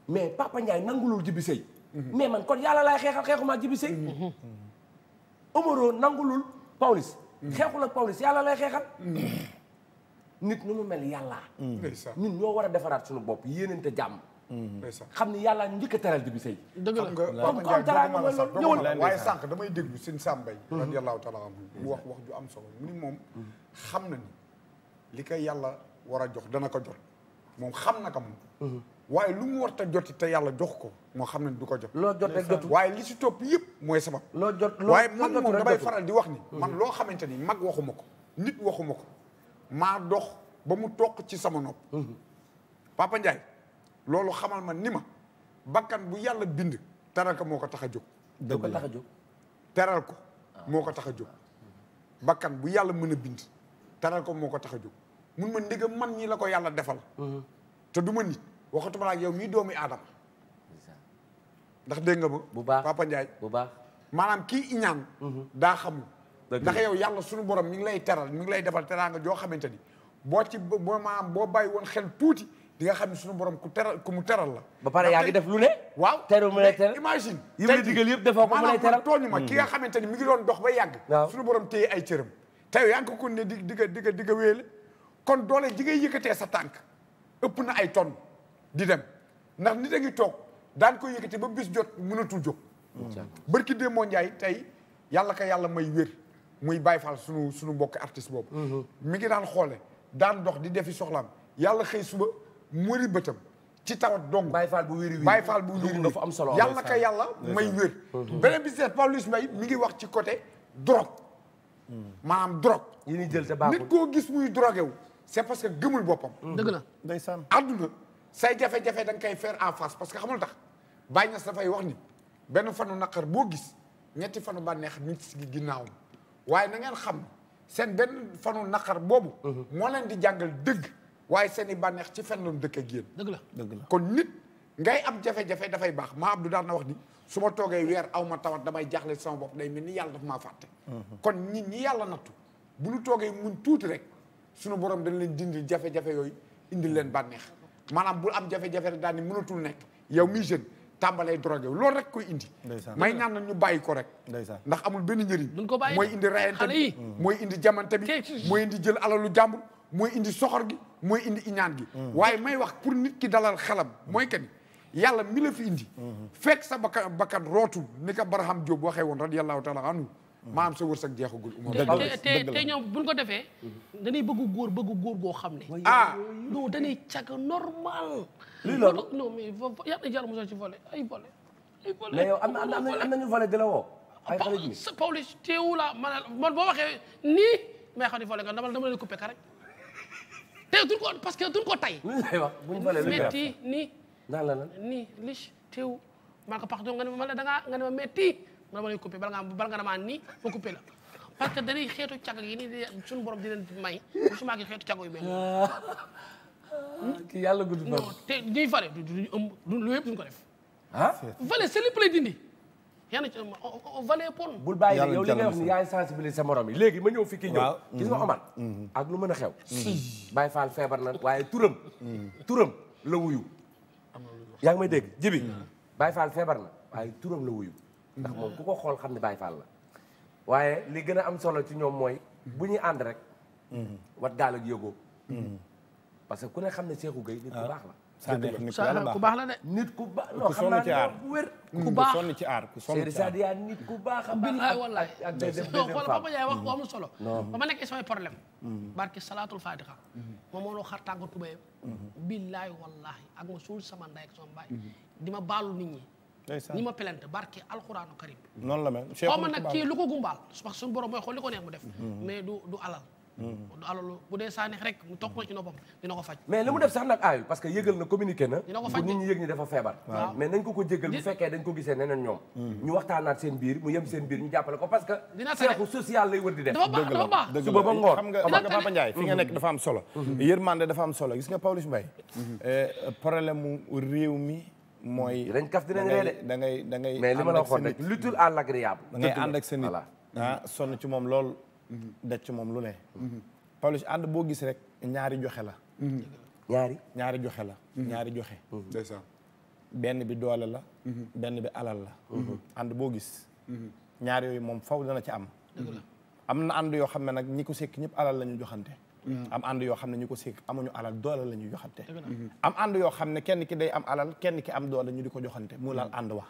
mais Papa Ndiaye nangulul Djibi Sèye. mais man kon yàlla laay xeexal xeexumaa Djibi Sèye. Omaro nangulul Pawlish. xeexul ak Pawlish yàlla lay xeexal. nit ñu mu mel yàlla. Mm. ñun ñoo war a defaraat suñu bopp yéeneente jàmm. Mm. xam ni yàlla njëkk a teral di bi sëy. dëgg la xam nga Papa waaye sànq damay déglu seen sàmbay. Mm-hmm. radiyallahu taala anhu mm-hmm. mu wax wax ju am solo mu moom. xam na li koy yàlla war a jox dana ko jot moom xam na ko moom. Mm-hmm. waaye lu mu war a joti te yàlla jox ko moo xam ne du ko jot. loo jot rek jotu waaye li si topp yëpp mooy sabab. loo jot loo waaye man moom damay faral di wax ni. man loo xamante ni mag waxuma ko nit waxuma ko. maa dox ba mu toq ci sama nopp Papa loolu xamal ma ni ma bakkan bu yàlla bind teral ko moo ko tax a jóg dëgg ko tax teral ko ah. moo ko tax a jóg bakkan bu yàlla mën a bind teral ko moo ko tax jóg mun ma ndigam man ñii la ko yàlla defal mhm. te du ma nit waxatuma ak yow mii doomi aadama ndax dégg nga ma bu baax Papa Ndiaye bu baax maanaam kii iñaan mhm. daa xamul ndax yow yàlla suñu borom mi ngi lay teral mi ngi lay defal teraanga joo xamante ni boo ci boo maam boo bàyyi woon xel tuuti di nga xam ne suñu borom ku teral ku mu teral la ba pare yaa ngi def lu ne waaw teral mu ne teral imagine yi mu digal yëpp dafa ko mu lay teral tooñu ma ki nga mm-hmm. xamante ni mi ngi doon dox ba yàgg suñu borom téye ay cëram tey yaa ngi ko kon ne di di ga di ga di ga wéele kon doole ji ngay yëkkatee sa tànk ëpp na ay tonn di dem ndax nit a ngi toog daan ko yëkkati ba bis jot mënatul jóg bërki dee moo njaay tey yàlla ka yàlla may wér muy Baye Fall sunu sunu mbokk artiste boobu. Mhm. mi ngi daan xoole daan dox di defi soxlaam yàlla xëy suba muri bëtam ci tawat dong. Baye Fall bu wéri wéri Baye Fall bu wéri wéri dafa am solo yàlla ka yàlla may wér. Mhm. beneen bi seet Pawlish Mbaye mi ngi wax ci côté drogue. maanaam drogue. yi ñuy jël te baaxul nit koo gis muy drogué wu. c'est parce que gëmul boppam. Mhm. dëgg la ndeysaan àdduna say jafe-jafe da nga koy faire en face parce que xamul tax Baye Niass dafay wax ni benn fanu naqar boo gis ñetti fanu bànneex mi ngi ci ginnaawam. waaye na ngeen xam seen benn fanu naqar boobu. moo leen di jàngal dëgg. waaye seen i bànneex ci fen loon dëkk ak yéen. dëgg la dëgg kon nit ngay am jafe-jafe dafay baax maa Abdou daal na wax ni su ma toogee weer aw ma tawat damay jaaxle sama bopp day mel ni yàlla dafa maa fàtte. Mhm. kon nit ñi yàlla nattu bu ñu toogee muñ tuuti rek sunu borom dañ leen dindil jafe-jafe yooyu indi leen bànneex maanaam bu am jafe-jafe rek daal ni mënatul nekk yow mi jeune. tàmbalay drogué loolu rek koy indi may ñaan na ñu bàyyi ko rek ndax amul benn njëriñ mooy indi rayante bi mm. mooy indi jamante bi mooy indi jël alalu jàmbur mooy indi soxor gi mooy indi iñaan gi mm. waaye may wax pour nit ki dalal xelam mm. mooy que yàlla mi la fi indi mm-hmm. fekk sa bakkan bakkan rootul ni ko Barham Diop waxee woon radiyallahu taala anhu mm-hmm. maam sa wërsëg jeexagul. te te te ñoom bu ko defee mm-hmm. dañuy bëgg góor bëgg góor goo xam ne ah non dañuy cag normal lii loolu non mais yàlla na jàll mosoo ci volé ay volé. ay volé am na am na am na ñu volé di la woo. ay xale bi Pawlish teewu la man man waxee nii mais xam ne volé nga dama ma leen coupé te parce que duñ ko tay. buñ volé lu metti nii. daan la lan nii lich teewu maa ma da ngaa nga ma metti dama leen coupé bala ngaa bala nga dama nii ma coupé la. parce que dañuy xeetu càgg yi ni suñu borom di leen may. su ma xeetu càgg yu mel kii yàlla gudd fan. non te ñuy fare du duñu ëmb um, du lu yëpp duñu ko def. ah Valet s'il vous plaît dindi. yaa ngi um, Valet Paul. bul bàyyi yow li nga wax ni yaa ngi sensibiliser sa morom yi léegi ma ñëw fi kii ñëw. gis nga Omar. Mm-hmm. Mm-hmm. ak lu mën a xew. Mm-hmm. Baye Fall feebar na waaye turam. turam la wuyu. yaa ngi may dégg jibi Baye Fall feebar na waaye turam la wuyu. ndax moom ku ko xool xam ne Baye Fall la. waaye li gën a am solo ci ñoom mooy. bu ñuy ànd rek. wat gaal ak yóbboo. parce que ku ne xam ne Cheikhou Gueye nit ku ah. baax la. Sadio ku baax la de. Mm, ku baax non aar ku nit ku baax a baax. billaay wallaay ak solo. ba ma nekkee samay problème. Mm-hmm. barki salaatul fatiha. Mm-hmm. moom moo loo xar tànku tubayam. Mm-hmm. billaay wallahi ak ma suul sama ndey ak sama baay. di ma baalu nit ñi. ni ma pelante barke alxuraanu karim. noonu la mel Cheikh xaw ma nag kii lu ko gumbaal. mooy xool li ko mu def. mais du du alal. du mm-hmm. alalu bu dee saa neex rek mu toog ci noppam dina ko faj def sax nag parce que yëgal na communiqué na dina ko faj nit ñi a ñi dafa feebar mais nañ ko ko jéggal bu fekkee dañ ko gisee neneen ñoom mm-hmm. ñu waxtaanaat seen biir mu yem seen biir ñu jàppale ko parce que seexu social lay wër di def dafa baax suba ba eh, ngoon xam nga xam nga Papa Ndiaye fi nga nekk dafa am solo mm-hmm. dafa am solo gis nga Pawlish Mbaye eh, problème mu réew mi mooy dañ kaf dinañ ree de da ngay da ngay mais li ma la waxoon rek à l'agréable da ngay ànd ak sa nit ah sonn moom lool Mhm. daj ci moom lu ne. Mhm. Pawlish ànd boo gis rek ñaari joxe la. Mhm. ñaari ñaari joxe la. ñaari joxe. benn bi doole la. benn bi alal la. ànd boo gis. ñaar yooyu moom faw dana ci am. am na ànd yoo xam ne nag ñi ko sekk ñëpp alal la ñu joxante. am ànd yoo xam ne ñu ko sekk amuñu alal doole la ñuy joxante. am ànd yoo xam ne kenn ki day am alal kenn ki am doole ñu di ko joxante mu laal ànd wa.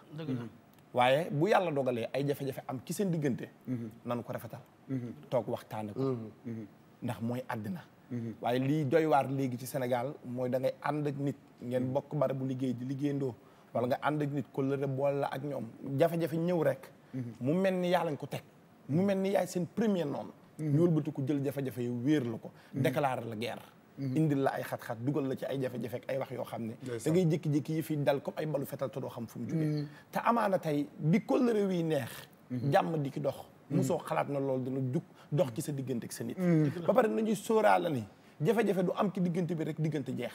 waaye bu yàlla dogalee ay jafe-jafe am ci seen diggante nanu ko rafetal toog waxtaane ko ndax mooy àddina waaye lii doy léegi ci Sénégal mooy da ngay ànd ak nit ngeen bokk bare bu liggéey di liggéeyandoo wala nga ànd ak nit ko lëre boole la ak ñoom jafe-jafe ñëw rek mu mel ni yaa lañ ko teg mu mel ni yaay seen premier noonu ñuul bëtu ko jël jafe-jafe yi wéer la ko déclarer la guerre Mm-hmm. indil la ay xat-xat dugal la ci ay jafe-jafe ak ay wax yoo xam ne da ngay jékki-jékki yi fi dal comme ay mbalu fetal te xam fu mu jógee mm-hmm. te amaana tey bi kóllëre wi neex mm-hmm. jàmm di ki dox soo xalaat na loolu dina jug dox ci sa diggante ak sa nit ba pare nañuy sóoraale ni jafe-jafe du am ci diggante bi rek diggante jeex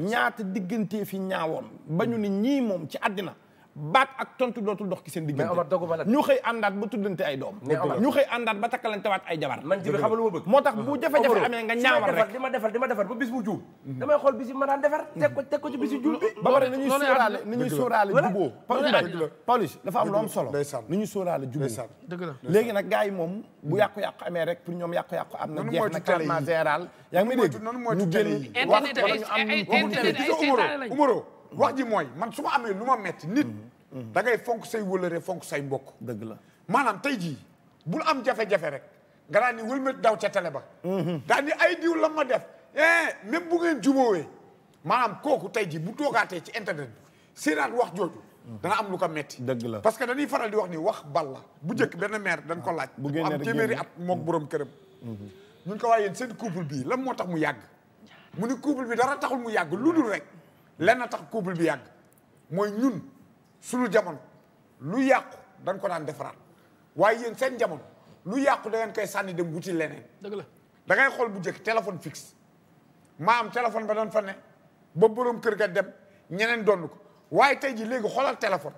ñaata diggante fi ñaawoon ba ñu ne ñii moom ci àddina baat ak tontu dootul dox ci seen diggante ñu xëy àndaat ba tuddante ay doom ñu xëy àndaat ba takkalante waat ay jabar man jibi xamal ma bëgg moo tax bu jafe-jafe amee nga ñaawal rek di ma defar di ma defar ba bis bu juum solo ni ñuy sóoraale jubóo léegi nag gars moom bu yàqu-yàqu amee rek pour ñoom yàqu-yàqu am na jeex na calma général yaa ngi may dégg ñu génn wax ñu am umaro wax ji mooy man su ma amee lu ma metti nit da ngay fonk say wëlëre fonk say mbokk dëgg la maanaam tey jii bul am jafe-jafe rek nga daan ni wëlmét daw ca télé ba mhm. daan ay diw la ma def eh même bu ngeen jubóowee maanaam kooku tey jii bu toogaatee ci internet bi séenaat wax jooju dana am lu ko metti dëgg la parce que dañuy faral di wax nii wax bal la bu njëkk benn maire dañ ko laaj bu am téeméeri at mook mhm. borom këram mhm. ñun ko waaye yéen seen couple bii la moo tax mu yàgg mu ni couple bi dara taxul mu yàgg lu dul rek lenn tax couple bi yàgg mooy ñun suñu jamono lu yàqu dañ ko daan defaraat waaye yéen seen jamono lu yàqu da ngeen koy sànni dem gu wuti leneen. dëgg la da ngay xool bu njëkk téléphone fixe maam téléphone ba doon fa ne ba borom kër ga dem ñeneen donn ko waaye tey ji léegi xoolal téléphone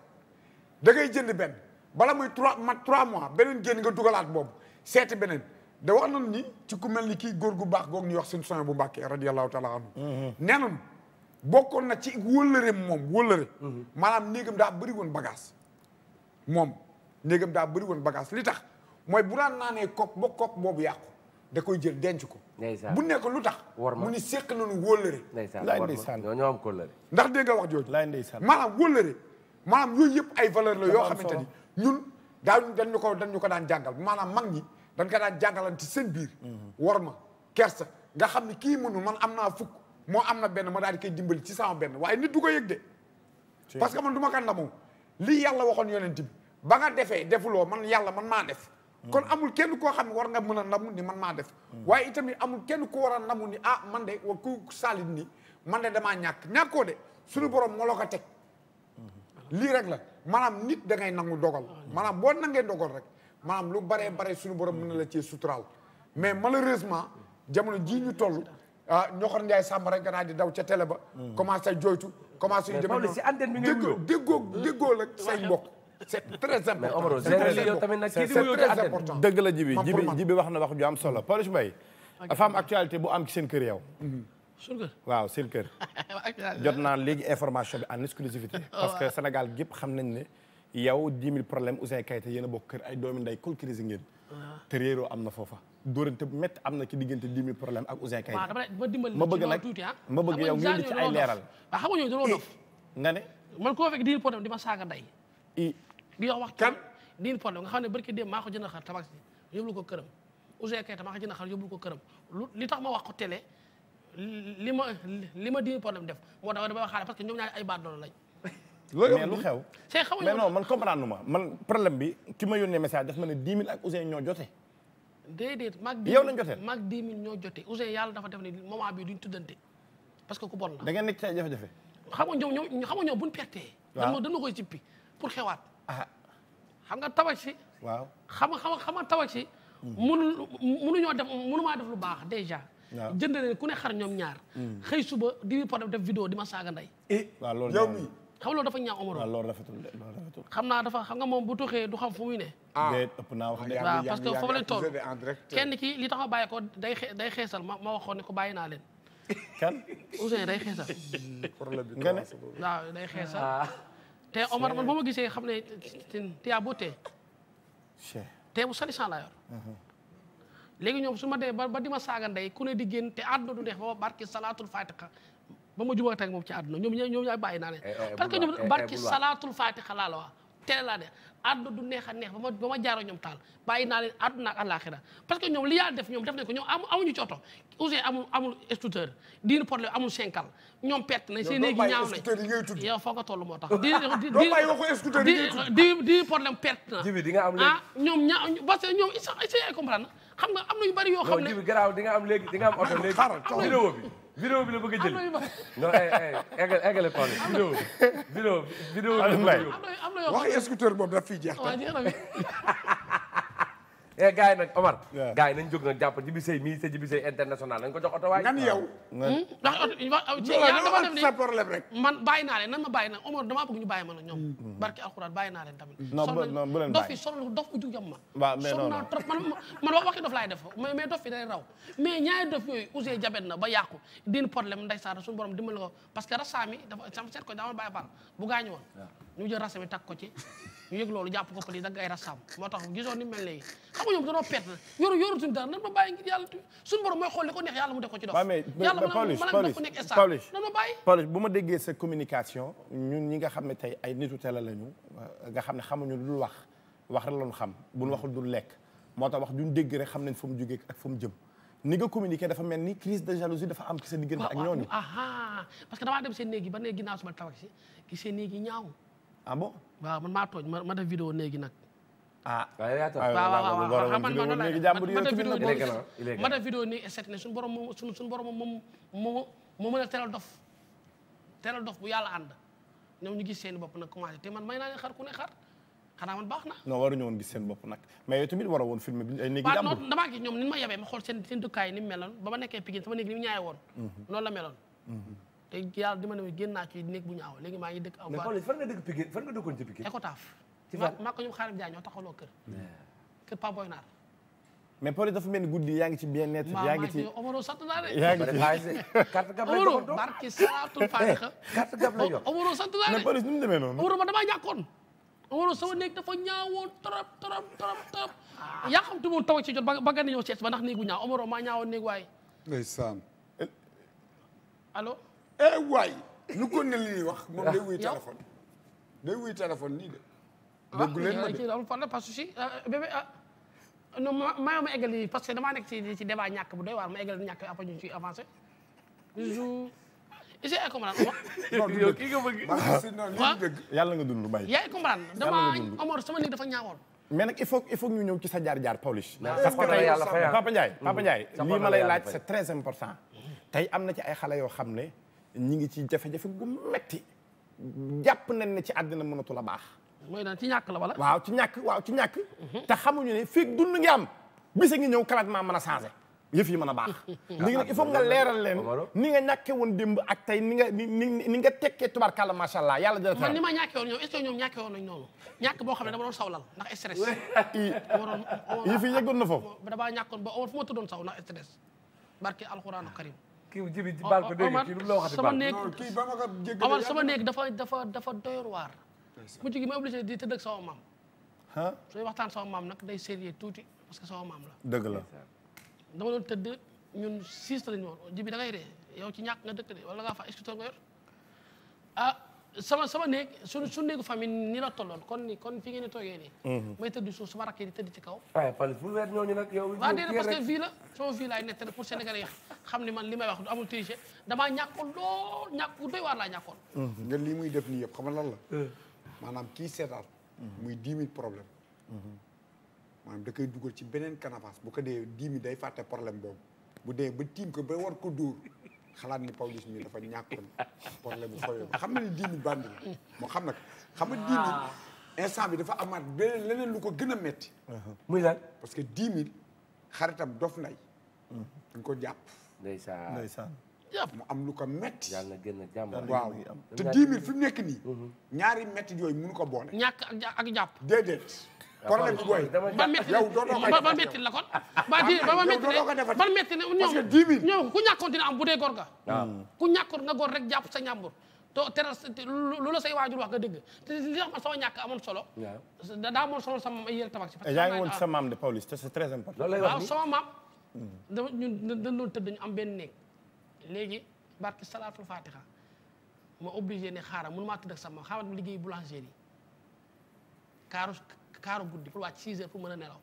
da ngay jënd benn bala muy trois mat trois mois beneen génn nga dugalaat boobu seeti beneen. da wax nañu ni ci ku mel ni kii góor gu baax googu ñuy wax suñu soñ bu Mbàkke radiyallahu taala anhu mm-hmm. nee bokkoon na ci wëllëre moom wëllëre mhm. maanaam néegam daa bëri woon bagage moom néegam daa bëri woon bagage li tax mooy bu daan naanee kopp ba kopp boobu yàqu da koy jël denc ko bu nekk lu tax mu ni séq nañu wóllëre laay ndeysaan ñoo am kóllëre ndax dégg nga wax jooju laay ndeysaan maanaam wóllëre maanaam yëpp ay valeur la yoo xamante ni ñun daañu dañu ko dañu ko daan jàngal maanaam mag ñi dañ ko daan jàngalante seen biir mhm. war ma kersa nga xam ne kii mënul man am naa fukk moo am na benn ma daal di dimbali ci sama benn waaye nit du ko yëg de. parce que man du ma kan la moom lii yàlla waxoon yonent bi ba nga defee defuloo man yàlla man maa def. Hmm. kon amul kenn koo xam ne war nga mën a namu ni man maa def. Hmm. waaye itamit amul kenn ko war a namu ni ah man de wa ku saalit ni man de damaa ñàkk ñàkkoo de suñu borom molo ko teg. Hmm. lii rek la maanaam nit da ngay nangu dogal maanaam boo nangee dogal rek maanaam lu baree bare suñu borom mën la cee suturaal mais malheureusement jamono jii ñu toll. ah ñoxor Ndiaye Samb rek nga daal di daw ca télé ba. commencé jooytu commencé. mais Pawlish si antenne bi ngay wuyoo déggoo déggoo la say mbokk. c'est très important mais Omaro yow tamit nag di wuyoo très important dëgg la jibi jibi jibi wax na wax ju am solo Pawlish a dafa am actualité bu am ci seen kër yow. waaw seen kër. jot naa léegi information bi en exclusivité parce que Sénégal gépp xam nañ ne yow 10 000 problèmes Ouzin Keita yéen a bokk kër ay doomi nday kul crise ngeen. te réeroo am na foofa. dóorante bu métti am na ci diggante dix mille problème ak Ouzin Keita. ma dimbali ma bëgg nag ah. ma bëgg ah, yow ay leeral. waaw ah, xam man koo fekk dix problème di ma saaga day. i di wax waxtaan dix problème nga xam ne barki démb maa ko jënd xar tabax si yóbbu ko këram Ouzin Keita maa ko jënd xar yóbbu ko këram lu li tax ma wax ko télé li ma li ma dix problème def moo tax dama xaale parce que ñoom ñaar ay baat doon lañ. loolu mais lu xew. c'est xaw ma mais non man comprendre nu ma man problème bi ki ma yónnee message daf ma ne dix mille ak Ouzin ñoo jote déedéet maag yow lañ jotee maag dix mille ñoo jotee Ousseyn yàlla dafa def ne moment bi duñ tuddante parce que ku bon na da ngeen nekk say jafe-jafe xam nga ñoom ñoom xam nga ñoom buñ pertee dan ma dañu koy cippi pour xewaat ah xam nga tabax si waaw xam nga xam xam nga tabax si mënul hmm. mënuñoo def mënumaa def lu baax dèjà jënd ku ne xar ñoom ñaar hmm. xëy suba di problème def vidéo di ma saaga ndey eh, waaw loolu yow xam loolu dafa ñaaw Omaro. waaw ah, loolu rafetul de xam naa dafa xam nga moom bu tuxee du xam fu muy ne. Ah. waaw parce que foofu lañ toll kenn ki li tax ma bàyyi ko day day xeesal ma ma waxoon ko bàyyi naa leen. kan Ousseyn day xeesal. Hmm, bi nga ne waaw day xeesal. Ah. te Omar man boo ma gisee xam ne tiyaa boo tee. tee bu salissant laa uh-huh. léegi ñoom su ma dee ba di ma saaga ndey ku ne di génn te àdduna du neex ba barki salaatul fatiha ba ma jubóo teg moom ci àdduna ñoom ñoom ñaar bàyyi naa leen. Eh, eh, parce que ñoom eh, barki salaatul faatiha laa la wax laa ne àdduna du neex a neex ba ma ba ma jaaroo ñoom taal bàyyi naa leen àdduna ak parce que ñoom li yàlla def ñoom def nañ ko ñoom amuñu ci oto Ouzin amul ñoom ñaaw nañ yow foo ko toll moo tax di di problème perte na ah ñoom ñaaw parce que ñoom isa isa nga am na yu bari yoo xam ne di nga am léegi di am oto léegi xaaral vidéo bi la bëgg a jël non ay ay eggale eggale Pawlish. vidéo vidéo vidéo. am na yoo xam ne eh gars yi nag Omar. waaw gars yi nañ jóg nag jàpp Djiby Seye mii international nañ ko jox oto waay. nan yow. Hmm? ndax naa leen nan ma bàyyi naa Omar damaa bëgg ñu bàyyi ma nag ñoom. Hmm. Hmm. barki alxuraan bàyyi naa leen tamit. dof yi sonal dof bu jam ma. waaw mais man man waxi dof laay def mais dof yi day raw mais ñaari dof yooyu Ouzin jabet na ba yàqu din problème ndeysaan suñu borom dimbali parce que rasaami dafa sam seet ko dama bàyyi baal bu gaañu woon ñu jël rasaami ñu yëg loolu jàpp ko pëli dagg ay rasaam moo tax gisoon ni mel léegi xam nga ñoom danoo pet la yoru yorutuñ dara nan ma bàyyi ngir yàlla suñu borom mooy xool li ko neex mu def ko ci dox yàlla mën na ko nekk instant nan ma bàyyi Pawlish bu ma déggee sa communication ñun ñi nga xam ne tey ay nitu télé lañu euh, nga xam ne xamuñu lu wax wax rek lañu xam buñ waxul du lekk moo tax wax duñ dégg rek xam nañ fu mu jógee ak fu mu jëm ni nga communiqué dafa mel ni crise de jalousie dafa am ci sa diggante ak ñooñu aha parce que damaa dem seen néeg yi ba ne ginnaaw suma tabax si ki seen néeg yi ñaaw ah bon waaw man maa tooñ ma def vidéo léegi nag. ah, ah waaw waaw xam man ma doon laaj ma def vidéo nii et ne suñu borom moom suñu borom moom moo moo mën a teral dof teral dof bu yàlla ànd ñoom ñu gis seen bopp nag commencé te man may naa leen xar ku ne xar xanaa man baax na. non waruñu woon gis seen bopp nag mais yow tamit war a woon filmé bi ay néegi jàmbur waaw non damaa gis ñoom ni ma yebee ma xool seen seen dëkkaay ni mu meloon ba ma nekkee Pikine sama néeg ni mu ñaaye woon mhm. noonu la meloon mhm. te yàlla di ma demee génn naa ci néeg bu ñaaw léegi maa ngi dëkk. aw mais fan nga dëkk Pikine fan nga dëkkoon ci Pikine. Ecotaaf. ci fan maa ko ñoom xaaral jaay ñoo taxawloo kër. kër Pape Boy Naar. mais Pawlish dafa mel ni guddi yaa ngi ci bien net. yaa ngi ci Omaro sant naa de. yaa ngi ci carte gab la Omaro barki salaatul faatiha. Eh, carte gab la yor Omaro sant naa de. mais Pawlish ni mu demee noonu. Omaro ma damaa ñàkkoon. Omaro sama néeg dafa ñaawoon trop trop trop trop. yaa xam te moom taw ci jot ba gan ñëw seet ba ndax néeg bu ñaaw Omaro maa ñaawoon néeg waaye. ndeysaan. allo. eh waay nu ko ne wax moom day wuy téléphone day wuy téléphone nii de. Ah, déggu leen ma de waaw que si ah, ah, bébé non ma mayoo ma eggal yi parce que damaa ci ci ñàkk bu doy waar ma eggal ñàkk après ñu ci avancé jour. yaay comprendre yow kii nga bëgg. yàlla nga dund Mbaye. yaay comprendre dama Omar sama nit dafa ñaawoon. mais nag il faut ñu ñëw ci sa jaar jaar Pawlish. parce que Papa Ndiaye Papa mm. Ndiaye lii ma lay laaj c'est très important. tey am na ci ay xale yoo xam ne. ñi ngi ci jafe-jafe gu metti jàpp nañ ne ci àddina mënatu la baax. mooy naan ci ñàkk la wala. waaw ci ñàkk waaw ci ñàkk. Mhm. te xamuñu ne fii dund ngi am bés a ngi ñëw kalaatmaa mën a changé. yëf yi mën a baax. léegi nag nga leeral leen. ni nga ñàkkee woon démb ak tey ni nga ni ni nga tekkee tubarkalla macha allah yàlla la man ni ma ñàkkee woon ñoom est ce que ñoom ñàkkee woon nañ noonu ñàkk boo xam ne dama doon sawlal ndax stress. waroon yëf yi yëggoon na foofu. damaa ñàkkoon ba fu ma tëddoon saw ndax stress barke alxuraanu karim kii jibi baal ko dégg kii lu mu la waxati sama néeg Omar sama néeg dafa dafa dafa doyor waar mu jigi may obligé di tëdd ak sama sooy waxtaan sama maam nag day sérieux tuuti parce que sama maam la dëgg la dama doon tëdd ñun six lañu woon jibi da ngay ree yow ci ñàkk nga dëkk de wala ngaa fa scooter nga yor ah sama sama néeg suñu suñu néegu famille ni la tolloon kon ni kon fi ngeen di toogee nii. Mhm. may tëdd suuf sama rakk yi di tëdd ci kaw. waaye ah, Pall nag yow. waa déedéet parce que fii la sama fii laay nettali pour Sénégalais yi xam ne man li may wax du amul triche damaa ñàkkoon lool ñàkk doy waar laa ñàkkoon. Mhm. nga lii muy def nii yëpp xam lan la. Euh. maanaam kii seetaan. Mhm. muy dix mille problème. maanaam da koy ci beneen canapage bu ko dee dix mille day fàtte problème boobu bu dee ba tiim ko ba war ko dóor. xalaat ni Pawlish mii dafa ñàkkoon problème bu fooyoo xam na ni diini bandi la moo xam nag xam nga diini ah. instant bi dafa amaat beneen leneen lu ko gën a metti uh-huh. muy lan parce que dix mille xaritam dof nday uh-huh. dañ ko jàpp ndeysaan ndeysaan jàpp mu am lu ko metti yàlla gën a jàmm waaw te dix mille fi mu nekk nii uh-huh. ñaari metti yooyu mënu ko boole ñàkk ak jàpp déedéet problème bi booy. ba métti ba ba métti la kon. ba di ba ba métti ne ban métti ne ñoom ñoom ku ñàkkoon dina am bu dee góor hmm. ku ñàkkoon nga góor rek jàpp sa ñàmbur. to teral lu la say waajur wax nga dëgg te li tax man sama ñàkk amoon solo. da daa amoon solo sama yére tabax si. yaa ngi woon sa maam de Pawlish te c'est très important. loolu maam. Hmm. dama ñun dañu ñu am benn néeg léegi barki salaatul fatiha ma obligé ne xaaral mënumaa ma ak sama xaaral ma liggéey boulangerie kaaru kaaru guddi pour wàcc 6 heures mën a nelaw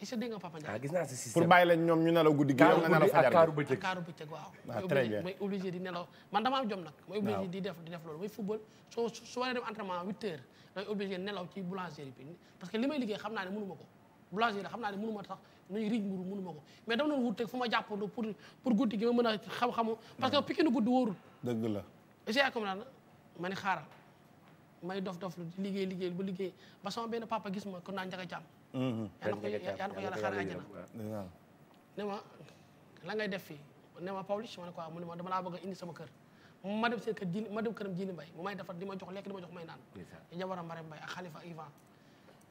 est-ce que dégg nga papa Ndiaye. Ah, naa si système pour bàyyi leen ñoom ñu nelaw guddi. kaaru guddi ak bëccëg waaw. Ah, très bien di nelaw man damaa am jom nag. mooy obligé di def di def loolu mooy football soo su waree dem entraînement 8 heures damay nelaw ci boulangerie bi parce que li liggéey xam naa ne mënu ma ko boulangerie xam naa ne mënu ma tax nuy rij mburu mënu ma ko mais dama doon wut teg fu ma jàppandoo pour guddi gi ma mën a xam-xamu parce que pikinu guddi may dof dof liggéey liggéey ba liggéey ba sama benn papa gis ma kon naa njaga mm-hmm. yaa na ko yaa na ko yàlla xaar àjjana ne ma la ngay def fii ne ma Pawlish ma ne ko waaw mu ma dama laa bëgg a indi sama kër ma dem seen kër ji ma dem këram jili mbay mu may defar di ma jox lekk di ma jox may naan jabaram Marème Mbaye ak Khalifa Ivan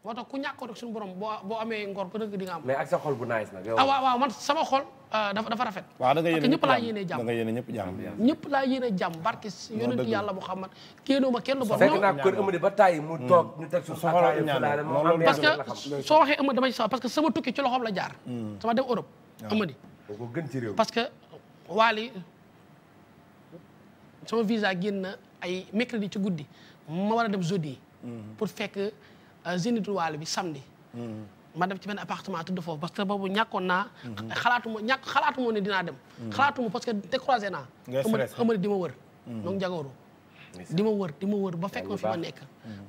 moo tax ku ñàkkoon ak suñu borom boo boo amee ngor ko dëgg di nga am. mais sa xol bu nice ah, sama xol euh, dafa rafet. waaw da nga yéene ñëpp laa yéene jàmm da nga yéene ñëpp jàmm. ñëpp laa yéene jàmm barke yonent yàlla Muhammad kéenuma hmm. parce que soo waxee Amady dama sama tukki ci loxoom la jaar. Hmm. sama dem Europe Amady. ko gën ci réew parce que waali sama visa génn ay mercredi ci guddi ma war a dem jeudi hmm. pour fekk Euh, Zénith Waalo bi samedi. Mm-hmm. ma dem ci benn appartement tudd foofu parce que boobu ñàkkoon naa. Mm-hmm. xalaatu ma ñàkk xalaatu ma ne dinaa dem. Mm-hmm. xalaatu ma parce que décroisé naa. nga stressé di ma wër. donc jagooru. di ma wër di ma wër ba fekk ma fi ma nekk.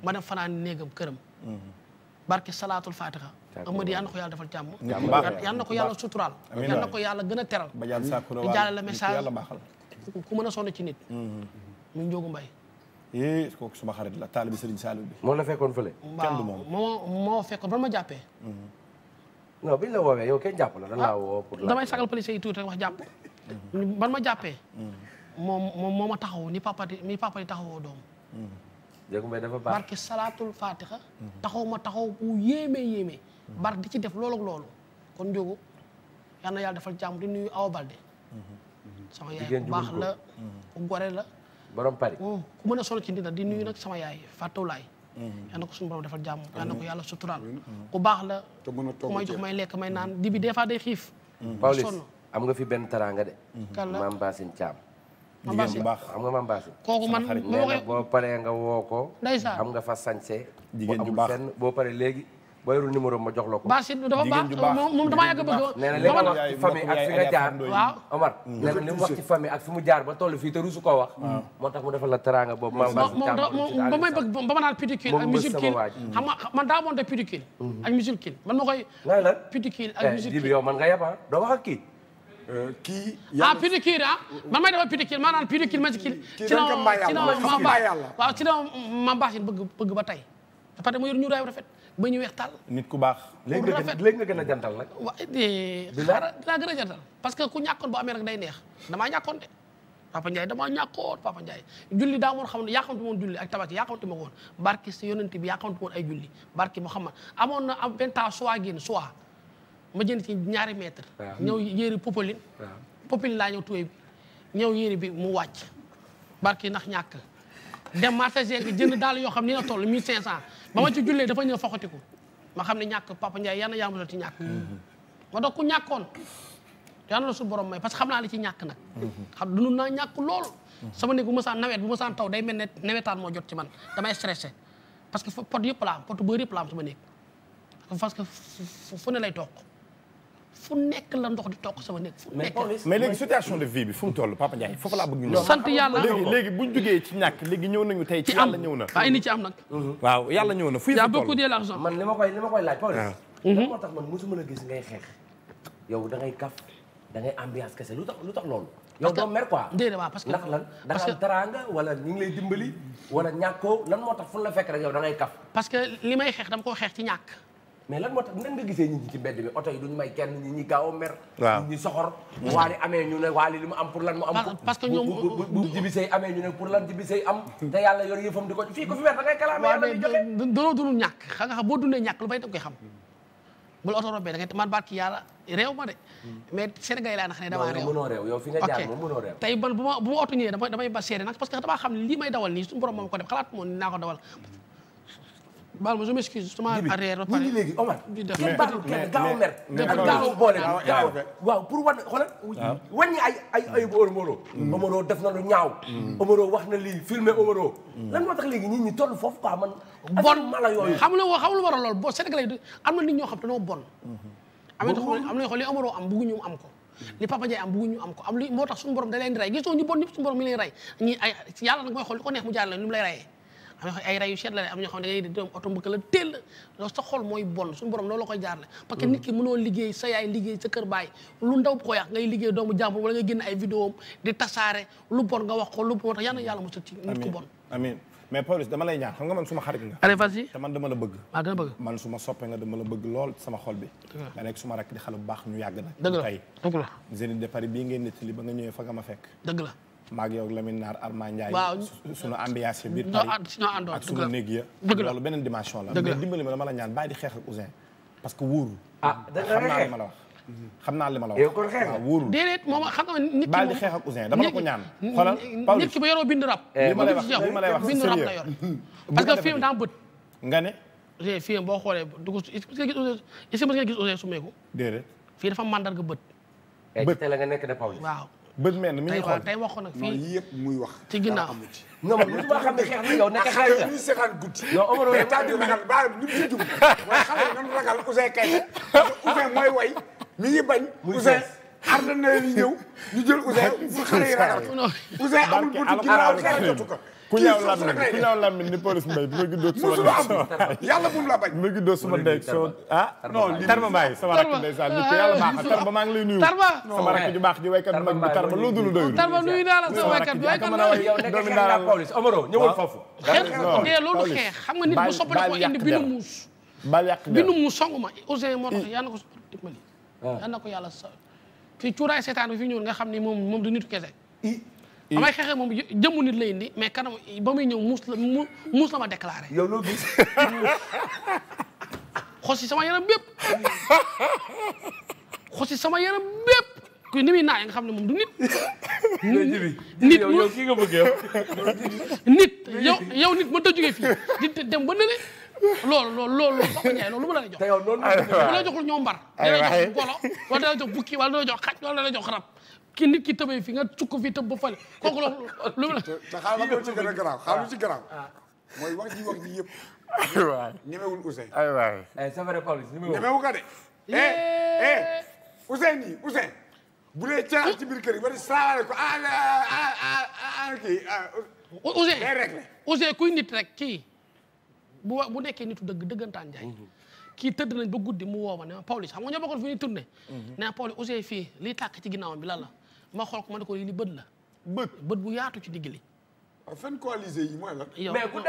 ma dem fanaan néegam këram. barke salaatul fatiha amadi yal na ko yàlla defal jàmm yal ko yàlla suturaal yal na ko yàlla gën a teral di jaale la message ku mën a sonn ci nit mu njóogu mbay eh kooku suma xarit la taalibi Serigne Saliou bi. moom la fekkoon fële. kenn du moom waaw moo moo fekkoon ba ma jàppee. Mm-hmm. non la woowee yow kenn jàpp la lan ah, woo. pour damay sagal police yi tuuti mm-hmm. ma jàppee. Mm-hmm. moom moom ma taxaw ni papa di ni papa di taxawoo doom. Ndiakhou Mbaye dafa baax barke salaatul fatiha. taxaw ma taxaw bu yéeme yéeme. bar di ci def loolu ak loolu. kon Ndiogo yal na yàlla defal jàmm di nuyu Awa Balde. sama yaay bu baax la bu gore la. borom Paris. Oh, ku mën a solo ci dina di nuyu nag sama yaay Fatou Laay. Mhm. yal na ko suñu borom defal jàmm. yal na ko yàlla suturaal. Mhm. ku baax la. te mën a ku may jox may lekk may mhm. naan di bi des fois day xiif. Pawlish am nga fi benn teraanga de. kan la maam Basine Thiam. xam nga maam Basine. kooku man boo paree nga woo ko. ndeysaan am nga fa sañse. jigéen ju baax boo paree léegi. boo yorul numéro ma jox la ko. baax si dafa baax moom dama yàgg bëgg. nee na li nga wax ci famille ak fi nga jaar. waaw Omar mm. nee na li mu wax ci famille ak fi mu jaar ba toll fii te rusu koo wax. Mm. moo tax mu defal la teraanga boobu. moom ba may bëgg ba ma naan pédicule ak musicule xam nga man daa monté pédicule mm-hmm. ak musicule man ma koy. ngay lan pédicule ak eh, musicule jibi yow man nga yab ah doo wax ak kii. Euh, kii ah pédicure ah man may defal pédicure maanaam pédicule musicule. ci la ma ci la ma baax waaw ci la ma baax bëgg bëgg ba tey parce que mu yor ñu raay rafet ba ñu weex tàll nit ku baax léegi nga gën a jantal nag waaw eh, xaaral dinaa gën a jantal parce que ku ñàkkoon boo amee rek day neex damaa ñàkkoon de Papa Ndiaye damaa ñàkkoon Papa Ndiaye julli daa moon xam ne yaaxamtu moon julli ak tabaski yaaxamtu ma woon barki si yonent bi yaaxamtu moon ay julli barki Muhammad amoon na am vingt ans soit génn soit ma jënd ci ñaari mètre ñëw yéeri popeline popeline laa ñëw tuwee bi ñëw yére bi mu wàcc barki ndax ñàkk dem marché jënd daal yoo xam ne na toll mille cinq cent ba ma ci jullee dafa ñëw foxatiku ma xam ne ñàkk papa Ndiaye yal na yaa musal ci ñàkk ma doog ku ñàkkoon yal na suñu borom may parce que xam naa li ci ñàkk nag xam dund naa ñàkk lool sama néeg bu ma saa nawet bu ma saan taw day mel ne nawetaan moo jot ci man damay stressé parce que pot yëpp laa am pot bëri yëpp laa am sama néeg parce que fu ne lay toog fu nekk la ndox di toog sama nekk fu nekk mais léegi situation de vie bi fu mu toll Papa Ndiaye foofu laa bëgg ñu sant yàlla léegi léegi buñ jógee ci ñàkk léegi ñëw nañu tey ci yàlla ñëw na ah indi ci am nag mhm. waaw yàlla ñëw na fu y'a beaucoup de l'argent man li ma koy li ma koy laaj Pawlish ah. lan mhm. moo tax man mosuma la gis ngay xeex yow da ngay kaf da ngay ambiance kese lu tax lu tax loolu yow doo mer quoi déedéet waaw parce que ndax lan ndax dara nga wala ñu ngi lay dimbali wala ñàkkoo lan moo tax fu la fekk rek yow da ngay kaf parce que li may xeex dama koo xeex ci ñàkk mais lan moo tax nan nga gisee ñi ci mbedd bi oto yi duñu may kenn nit ñi gaaw mer. ñi soxor. waali amee ñu waali li mu am pour lan mu am. parce que ñoom bu bu bu jibisey amee ñu ne pour lan jibisey am. te yàlla yor yëfam di ko fii ko fi mer da ngay kalaamee yàlla nga xam boo dundee ñàkk lu ma de. mais Sénégal yi laa nax ne damaa yow fi nga jaar moom moom ko def xalaat moom naa ko dawal baal ma je m'excuse justement arrière ba pare léegi Omar kenn baaxul kenn gaaw mer gaaw boole gaaw waaw pour wan xoolal wàññi ay ay ayub Omaro mm. Omaro def na lu ñaaw mm. Omaro wax na lii filmé Omaro mm. lan moo tax léegi nit ñi toll foofu quoi man bon mala yooyu xam nga xam nga war a lool boo Sénégalais yi am na nit ñoo xam te noo mm-hmm. bon am na am na xool li Omaro am bëgguñu am ko li Papa Ndiaye am bëgguñu am ko am li moo tax suñu borom da leen di rey gisoo ñu bon ñëpp suñu borom mi leen rey ñi ay yàlla nag mooy xool li ko neex mu jaar la ñu lay reyee am na ay rayu seet la am ñoo xam ne da ngay doom oto mbëkk la teel loolu sa xol mooy bon suñu borom loolu la koy jaarale parce que nit ki mënoo liggéey sa yaay liggéey sa dama lay ñaan xam nga man suma xarit nga ah, dama la bëgg lool sama xol bi nga nekk suma rakk di xale bu baax ñu yàgg nag dëgg la dëgg la bii ngeen nettali ba nga ñëwee fa nga ma fekk dëgg la maag yow Lamine Naar Arma Ndiaye. waaw sunu ambiance biir Paris ak sunu néeg ya loolu beneen dimension la. mais dimbali ma dama la ñaan bàyyi di xeex ak parce que wóoru. ah xam naa li ma la wax. xam naa li ma la wax waaw moom xam nit ki baal di xeex ak dama la ñaan. xoolal Paulus nit yoroo bind rab. Eh, li ma lay wax li ma lay rab la yor. parce que film daa bët. nga ne. tey boo xoolee du ko est-ce que gis Ouzin est-ce que sumeeku. déedéet. fii dafa mandarga bët. Eh, bët la nga nekk de Paulus waaw. bët mel mi ngi xool tey waxoon nag fii yëpp muy wax. ci ginnaaw amu ci. non man mosuma a ne xeex na yow nekk xale nga. ndax xeex guddi. non Omar wala taa di ragal baal ñu ci jub waaye xale yi nan ragal Ouzin Keita Ouzin mooy way mi ngi bañ. Ouzin xar na ñëw ñu jël Ouzin pour xale yi ragal ko. Ouzin amul buntu ginnaaw xeex jotu ko. ku ñaaw làmmiñ ku ñaaw làmmiñ ni Pawlish Mbaye bu ma giddoog suma yàlla bu mu la bañ ma giddoog suma ndey soo ah non tarba mbaay sama rakk ndeysaan nit ko yàlla tarba maa ngi baax ji waykat bu mag bi tarba loo dul doyul tarba nuyu naa la sama waykat bi waykat doomi naa la Pawlish Omaro ñëwul foofu xeex loolu muus bal yàq binu muus song ma Ousseyn moo tax yal na ko so dimbali ah. yal na sa fii cuuraay seetaan fi ñëw nga xam ni moom moom du nitu kese ba may xeexee moom jëmmu nit la indi mais kanam ba muy ñëw muus la mu muus la ma déclaré. yow loo gis. xosi sama yaram bépp xosi sama yaram bépp kuy ni muy naa nga xam ne moom du nit. nit yow ki nga bëgg yow. nit yow yow nit ma dëjugee fii di dem ba nële. loolu loolu loolu Papa Ndiaye loolu lu ma la jox. te yow loolu la joxul ñoom mbar. aywa aywa da lay jox golo wala da lay jox bukki wala da lay jox xaj wala da lay jox rab. kii nit ki tëbee fi nga cukk fi tëb ba fale kooku la lu mu la. te ci gën a garaaw xaaral ah. mooy wax ji wax ji yëpp. aywaay ñemewul Ousseyn. aywaay. Eh, c'est yi eh, eh, Ousseyn. bu dee biir kër yi nit rek kii. bu nekkee nit dëgg dëggantaan njaay. Mhm. kii tëdd nañ ba guddi mu woo ma ne ma Pawlish xam nga ñoo bokkoon fi ñuy tourné. Mhm. nee na Pawlish Ousseyn fii liy tàkk ci ginnaawam bi lan la. ma xool ko ma ne ko li bët la. bët bët bu yaatu ci digg li. waaw ah, fen coalisé yi mooy lan. mais ku euh,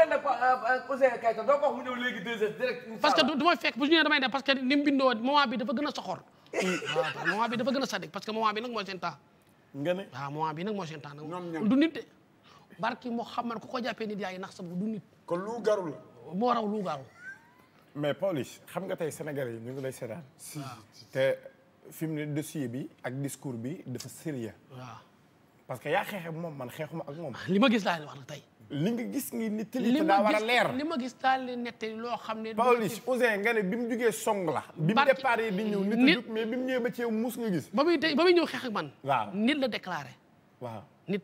euh, dend du may fekk bu ñu nee damay def parce que ni mu bindoo moment bi dafa gën a soxor. waaw moment bi dafa gën a sadik parce que moment bi nag mooy seen temps. nga ne waaw moment bi nag mooy seen temps. ñoom de barki moo xam man ku ko jàppee nit yaa ngi nax sa bopp du nit. kon lu garu la. moo raw lu mais Pawlish xam nga tey Sénégalais yi ngi lay seetaan. fi mu ne dossier bi ak discours bi dafa sérieux waaw parce que yaa xeex moom man xeexuma ak moom. li ma gis laa leen tey. li nga gis ngi ni tëli daa a leer li ma gis daal di nettali loo xam ne. Pawlish nga bi mu jugee song la. bi mu départ di ñëw nit nit mais bi mu ñëwee gis. ba muy tey ba muy man. waaw nit la déclaré. waaw nit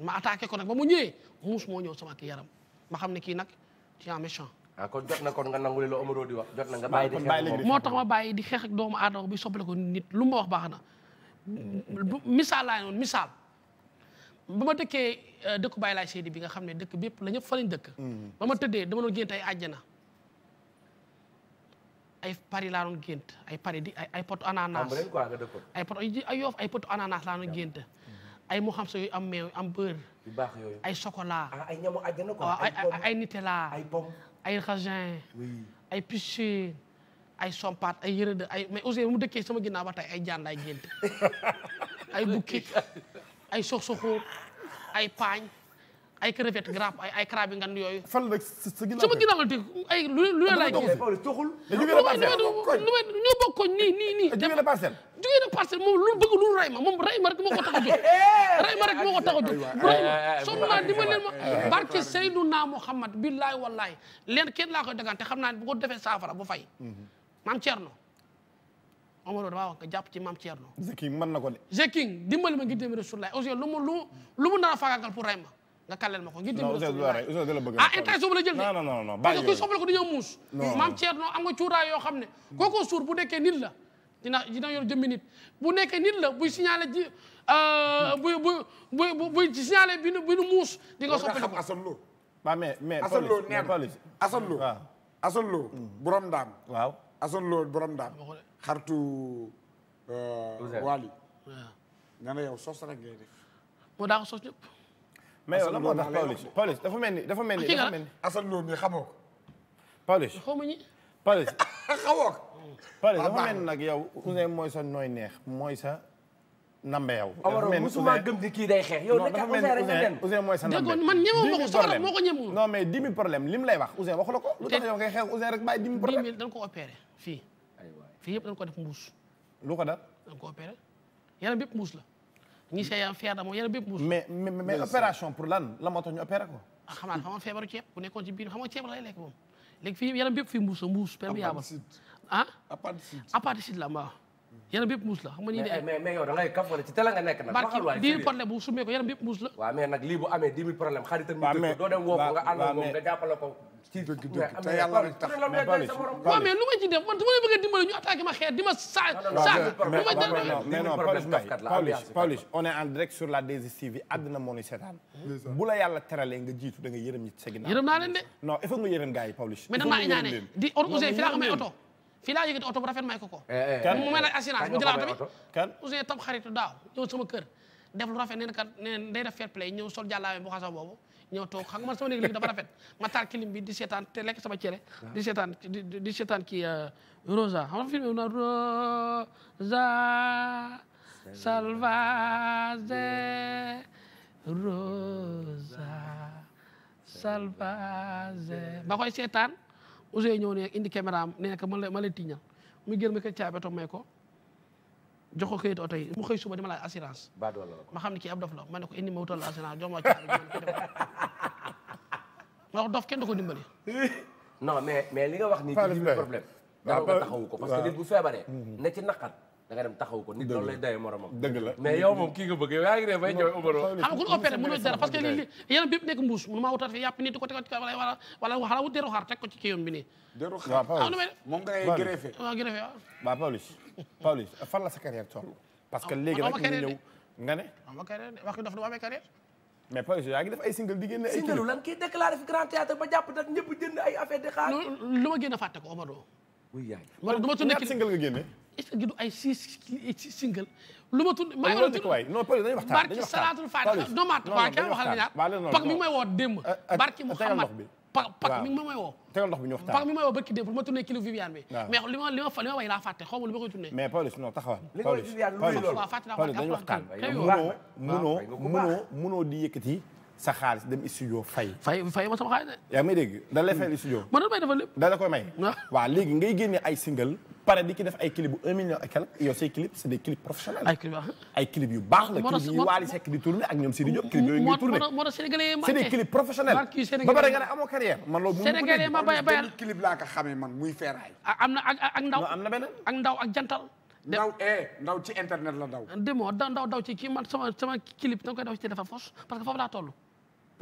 ma attaqué ko nag ba mu ñëwee muus moo ñëw sama ki yaram ma xam ne kii nag ci en Ah, kon jot na kon nga nangu loo Omaro jot na nga. bàyyi di xeex moo tax ma bàyyi di xeex ak doomu aadama bi soppale ko nit lu ma wax baax na. misaal laa noonu misaal ba ma dëkkee euh, dëkku Baye bi nga xam ne dëkk bépp la ñëpp dëkk. Mm-hmm. ba ma tëddee dama doon ay àjjana. ay pari laa doon gént ay pari di ay ay ay potu ay yoof ay potu laa doon gént. ay moo xam sa yu am meew am beurre. yooyu ay chocolat. Ah, ay ñamu àjjana quoi ay ay ay ay raisin. ay piscine ay sompat ay yëre de ay mais aussi mu dëkkee sama ginnaaw ba tey ay jaan laay génte ay bukki ay sox ay paañ. ay crevette grappe ay ay crabe ngan yooyu. fan la sa ginnaaw sama ginnaaw la teg ay lu lu la laaj. lu bëgg lu ray ma moom ray ma rek moo ko tax a jóg. ray ma a jóg. naa dima leen ma. barke Seydunaa Muhammad billaay wallaay leen kenn laa koy dagante xam naa ne bu ko defee saafara bu fay. Mhm. maam Thierno. Omaro damaa wax nga jàpp ci maam Thierno. Zeking na ko de. Zeking dimbali ma ngi dem Rasulullah aussi lu mu lu mu nar a faagaagal pour ray ma nga kàllal ma ko ngir dimbali Rasulullah ah intéressé wu la jël non parce que kuy soxla ko dañoo muus maam Thierno am nga cuuraay yoo xam ne kooku suur bu nekkee nit la dina dina yor jëmmi nit bu nekkee nit la bu signalé ji euh, buy buy bi nu bi nu muus di nga soppali ko asolo loo waaw mais mais asal loo nee na asal waaw asal loo mm. borom daam waaw euh, sos rek def mais yow moo tax Pawlish Pawlish ni dafa mel ni dafa xaw ma ñi. Pawlish xamoo ko. Pawlish ah, dafa nag yow mooy sa nooy neex mooy sa nambe yow. dafa ni musuma gëm kii day xeex. yow dafa mel ni moo ko ñemewu. non mais dimi problème lim lay wax cousin waxu la ko. xeex cousin rek bàyyi dimi problème. dimi ko opéré fii. fii yëpp dañ ko def mbuus. lu ko dal. dañ ko opéré yaram bépp mbuus la ñi see feebar moom yaram bépp buus mais mais opération pour lan la moo tax ñu opéré ko ah xamaa xamaa feebaru ceeb bu nekkoon ci biir xam nga ceeb la lay lekk moom léegi fii yaram bépp fii mbuus a ah appendicite la waaw yaram bépp muus la xam nga ñii de ay mais mais yow da ngay kaf wala ci télé nga nekk nag barki dix mille problème bu sumee ko yaram bépp muus la waaw mais nag lii bu amee dix mille problème xaritam ñu doo dem woo ko nga ànd moom nga jàppale ko ci dëgg dëgg te yàlla rek tax mais bali waaw mais lu ma ci def man su ma leen bëgg a dimbale ñu attaqué ma xeer di ma saa saa mais non Pawlish Pawlish Pawlish on est en direct sur la 2STV àddina moo ñu seetaan bu la yàlla teralee nga jiitu da nga yërëm ñi sa ginnaaw yërëm naa leen de non il faut nga yërëm gars yi Pawlish mais dama iñaane di oto fi laa ko may oto fii laa oto bu rafet may ko ko eh, eh, eh, mu may laaj assurance mu jëlaa oto bi kan Ouzin tam xaritu daaw ñëw sama kër def lu rafet nee na kat nee na day def fair ñëw sol jàllaawe bu xasaw boobu ñëw toog xam nga man sama néeg léegi dafa rafet ma taal clim bi di seetaan te lekk sama cere di seetaan di seetaan kii euh, Rosa xam nga film na Rosa Salvaze Rosa ba koy seetaan Ousseyn ñëw ne indi caméra am nee ko ma lay ma mu gën ma ko caabi oto may ko jox ko këyit oto yi mu xëy suba di ma laaj assurance. ma xam ne kii ab dof la ma ne ko indi ma wutal la assurance jox ma caabi ma dof kenn du ko dimbali. non mais mais li nga wax nii. problème dara taxawu ko parce que nit bu feebaree. Mm-hmm. na ci naqar. da nga dem taxaw ko nit loolu lay doyee moromam dëgg la mais yow moom kii nga bëgg yow yaa ngi ne bay ñooy umaro deru xaar teg ko ci kii yoon deru xaar ah, moom ngay greffé waaw greffé waaw waaw ah, ah, Pawlish yaa ngi def ay single di génne ay single fi grand théâtre ba jàpp nag ñëpp jënd ay affaire di xaar lu ma génn fàtte ko Omaro oui yaay wala du ma tudd single nga génne est-ce que du ay six six single lu ma tudd. maa ngi doon waay non Pawlish dañuy waxtaan barki salaatul faatiha non ma waaw kenn waxal ñaar pak mi ngi may woo démb. Eh, eh, barki Muhammad pak pak mi ngi may woo. tegal ndox bi ñu waxtaan pak mi ngi may woo barki démb lu ma tuddee kilo Viviane bi. mais li ma li ma fa li ma way laa fàtte xaw ma lu ma koy tuddee. mais Pawlish non taxawal. li nga Viviane lu muy loolu waaw fàtte naa ko dañuy waxtaan. munoo munoo munoo munoo di yëkkati. sa xaalis dem studio fay. fay fay ma sama xaalis de. yaa ngi may dégg da lay fay studio. ma doon may defal lépp da la koy may. waaw léegi ngay génne ay single pare di ci def ay clip bu un million et quelque yow say clip c' est des clips professionnels. ay clip ah. ay clip yu baax la. clip yi Wally Seck di tourné ak ñoom Sidi Diop. clip yooyu ñuy tourné moo tax sénégalais c' est des clips professionnels. ba pare nga ne amoo carrière man loolu. sénégalais ma bay bayal clip laa ko xamee man muy feeraay. Ah, am na ak ak ndaw am na beneen ak ndaw ak jantal. ndaw eh ndaw ci internet la ndaw. demoo ndaw ndaw ci kii man sama sama clip da nga koy daw ci dafa fos parce que foofu laa toll.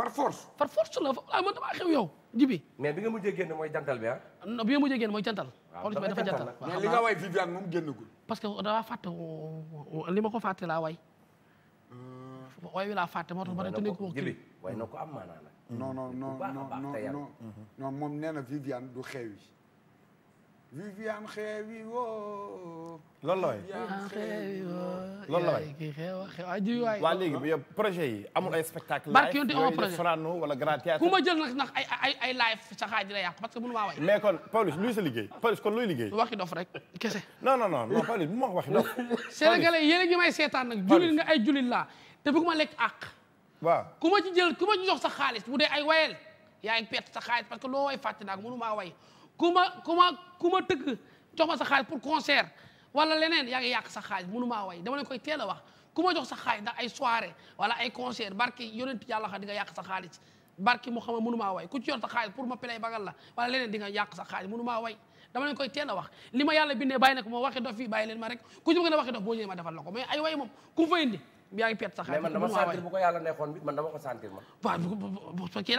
par force. par force la ah man damaa yow jibi mais bi nga mujjee génn mooy jantal bi ah. non bi nga mujjee génn mooy jantal. waaw dafa jantal mais li nga way Viviane moom génnagul. parce que dafa fàtte li ma ko fàtte la way. Euh. way wi laa fàtte moo tax ma ne te nekkul kii way na ko a maanaa nag. non non non non Viviane xewi woo. loolu la ah, waay Viviane xewi woo. loolu la projet yi amul ay spectacle. barke yonte wala Grand ma jël nag ndax ay ay ay live sa xaaj la yàq que mënu maa way. mais kon Pawlish luy sa liggéey. Pawlish kon luy liggéey. waxi dof rek kese. non non non non Pawlish bu ma waxi dof. may seetaan nag. jullit nga ay jullit laa te bëgguma lekk àq. waaw ku ma ci jël ku ma jox sa xaalis bu dee ay wayel yaa ngi perte sa xaalis que loo way fàtte naa ko mënu maa way ku ma ku ma ku ma tëgg jox ma sa xaalis pour concert wala leneen yaa ngi yàq sa xaalis mënu maa way dama leen koy teel a wax ku ma jox sa xaalis ndax ay soirée wala ay concert barki yonent yàlla xam di nga sa xaalis barki mu xam mënu maa way ku ci sa xaalis pour ma play bagal la wala leneen di nga sa xaalis mënu maa way dama leen koy teel a wax li ma yàlla bindee bàyyi na ko ma waxi dof ma rek ku ci ma gën a waxi dof ma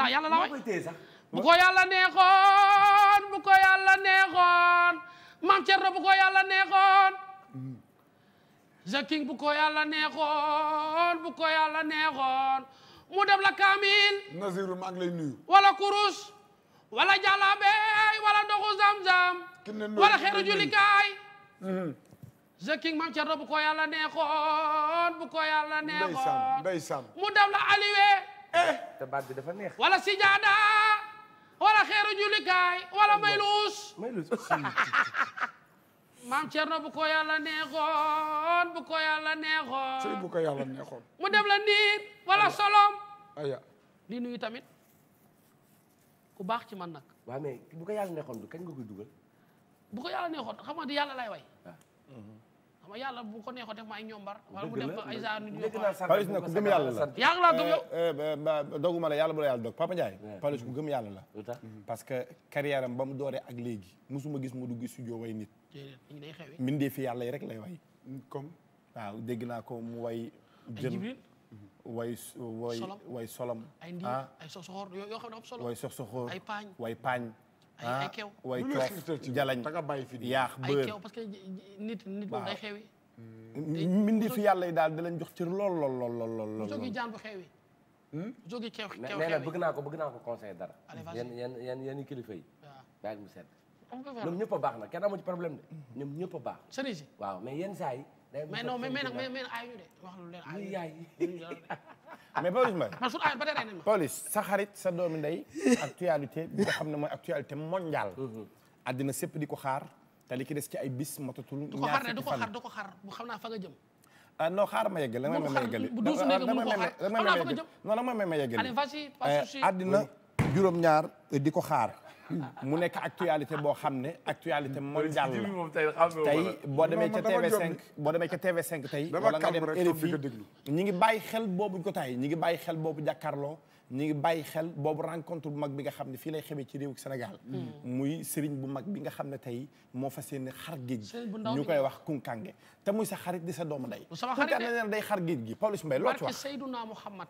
defal la bu ko yàlla neexoon bu ko yàlla neexoon Mame Thierno bu neexoon Jaking bu neexoon mu dem la kaamil Nasiru maa ngi lay wala kurus wala jalabe wala ndoxu zamzam wala xeeru julikaay Jaking mm-hmm. Mame Thierno bu ko neexoon bu ko neexoon mu dem la aliwe eh te baat bi dafa neex wala sijaada wala xeeru jullikaay wala may luus may luus maam Cerno bu ko yàlla neexoon bu ko yàlla neexoon mu def la ndiit wala solom aya di nuyu tamit ku baax ci man nag waaw mais bu ko neexoon du kañ nga koy dugal bu ko yàlla neexoon xam nga di yàlla lay way ah. mhm. xam nga yàlla bu ko neexoon def ma ay ñombar. wala mu ku gëm yàlla la. Eh, eh, doguma la yàlla bu la yàlla dog Papa Ndiaye. Pawlish ku gëm yàlla la. Mm-hmm. parce que carrière ba mu dooree ak léegi musuma gis mu dugg studio way nit. mindee fi yàlla yi rek lay way. Mm, comme waaw dégg naa ko mu way. jën mm-hmm. way solom. ay ndiir ah. ay soxsoxor yoo xam ne am solo. way soxsoxor way paañ paañ. ay ah, kew way coof jalañ yaax bër parce que nit nit moom day xewi mm, fi yàlla yi daal di lañ jox cër lool lool lool lool lool lool jógi jaan bu xewi hmm? jógi bëgg naa ko bëgg naa ko conseil dara yeen yeen yeen yeen yen yi bàyyi mu sedd ñëpp baax na kenn amu ci problème hmm. ñoom ñëpp a baax mais no mais mais nag de wax lu leen ay yaay mais Pawlish ma Pawlish sa xarit sa doomi ndey actualité bi xam ne mooy actualité mondiale mhm. àddina sépp di ko xaar te li ki des ci ay bis matatul ñaar fukki fan ko xaar bu xam naa fa nga jëm ah xaar ma yeggal danga may ma yeggali danga may ma yeggali non danga may ma àddina juróom ñaar di ko xaar mu nekk actualité boo xam ne actualité moo la tey boo demee ca tv cinq boo demee ca TV5 tey wala nga dem RFI ñi ngi bàyyi xel boobu jotaay ñi ngi bàyyi xel boobu jàkkaarloo ñi ngi bàyyi xel boobu rencontre bu mag bi nga xam ne fii lay xewee ci réew Sénégal hmm. muy sëriñ bu mag bi nga xam ne tey moo fas yéene xar géej gi ñu koy wax kunkange te muy sa xarit di sa doom day ndey kunkange day xar géej gi Pawlish Mbaye loo ci wax Seydunaa Muhammad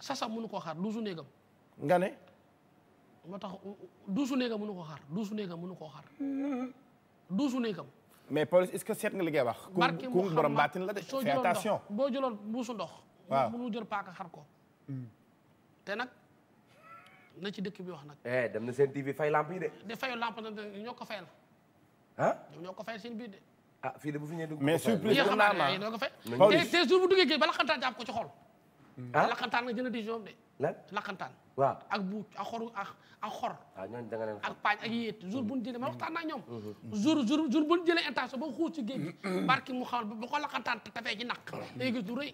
sasa mënu koo xaar duusu néegam nga ne moo tax duusu néegam mënu ko xaar duusu néegam mënu koo xar duusu néegam mais Pawlish est-ce que seet nga li ngay wax ku ku borom baatin la de fais attention boo jëloon buusu ndox waaw mënu jël paaka xar ko te nag na ci dëkk bi wax nag eh, dem na seen TV fay lamp yi de de fayu lamp na ñoo ko fayal ah ñoo ko fayal seen biir de ah fii de bu fi ñëwee dugg mais surprise naa ma ñoo ko fay te te jour bu duggee géej jàpp ko ci xol Hmm. ah lakkantaan nga jënd décision de. lan lakkantaan. waaw ak bu ak xor ak ah, xor. waaw ñooñu da nga leen ak paañ ak yéet jour bu ñu jëlee ma hmm. waxtaan naa ñoom. Hmm, jour jour jour bu ñu jëlee intention ba xuus barki mu xamal bu ko lakkantaan te tafee ci naq. day gis du rëy.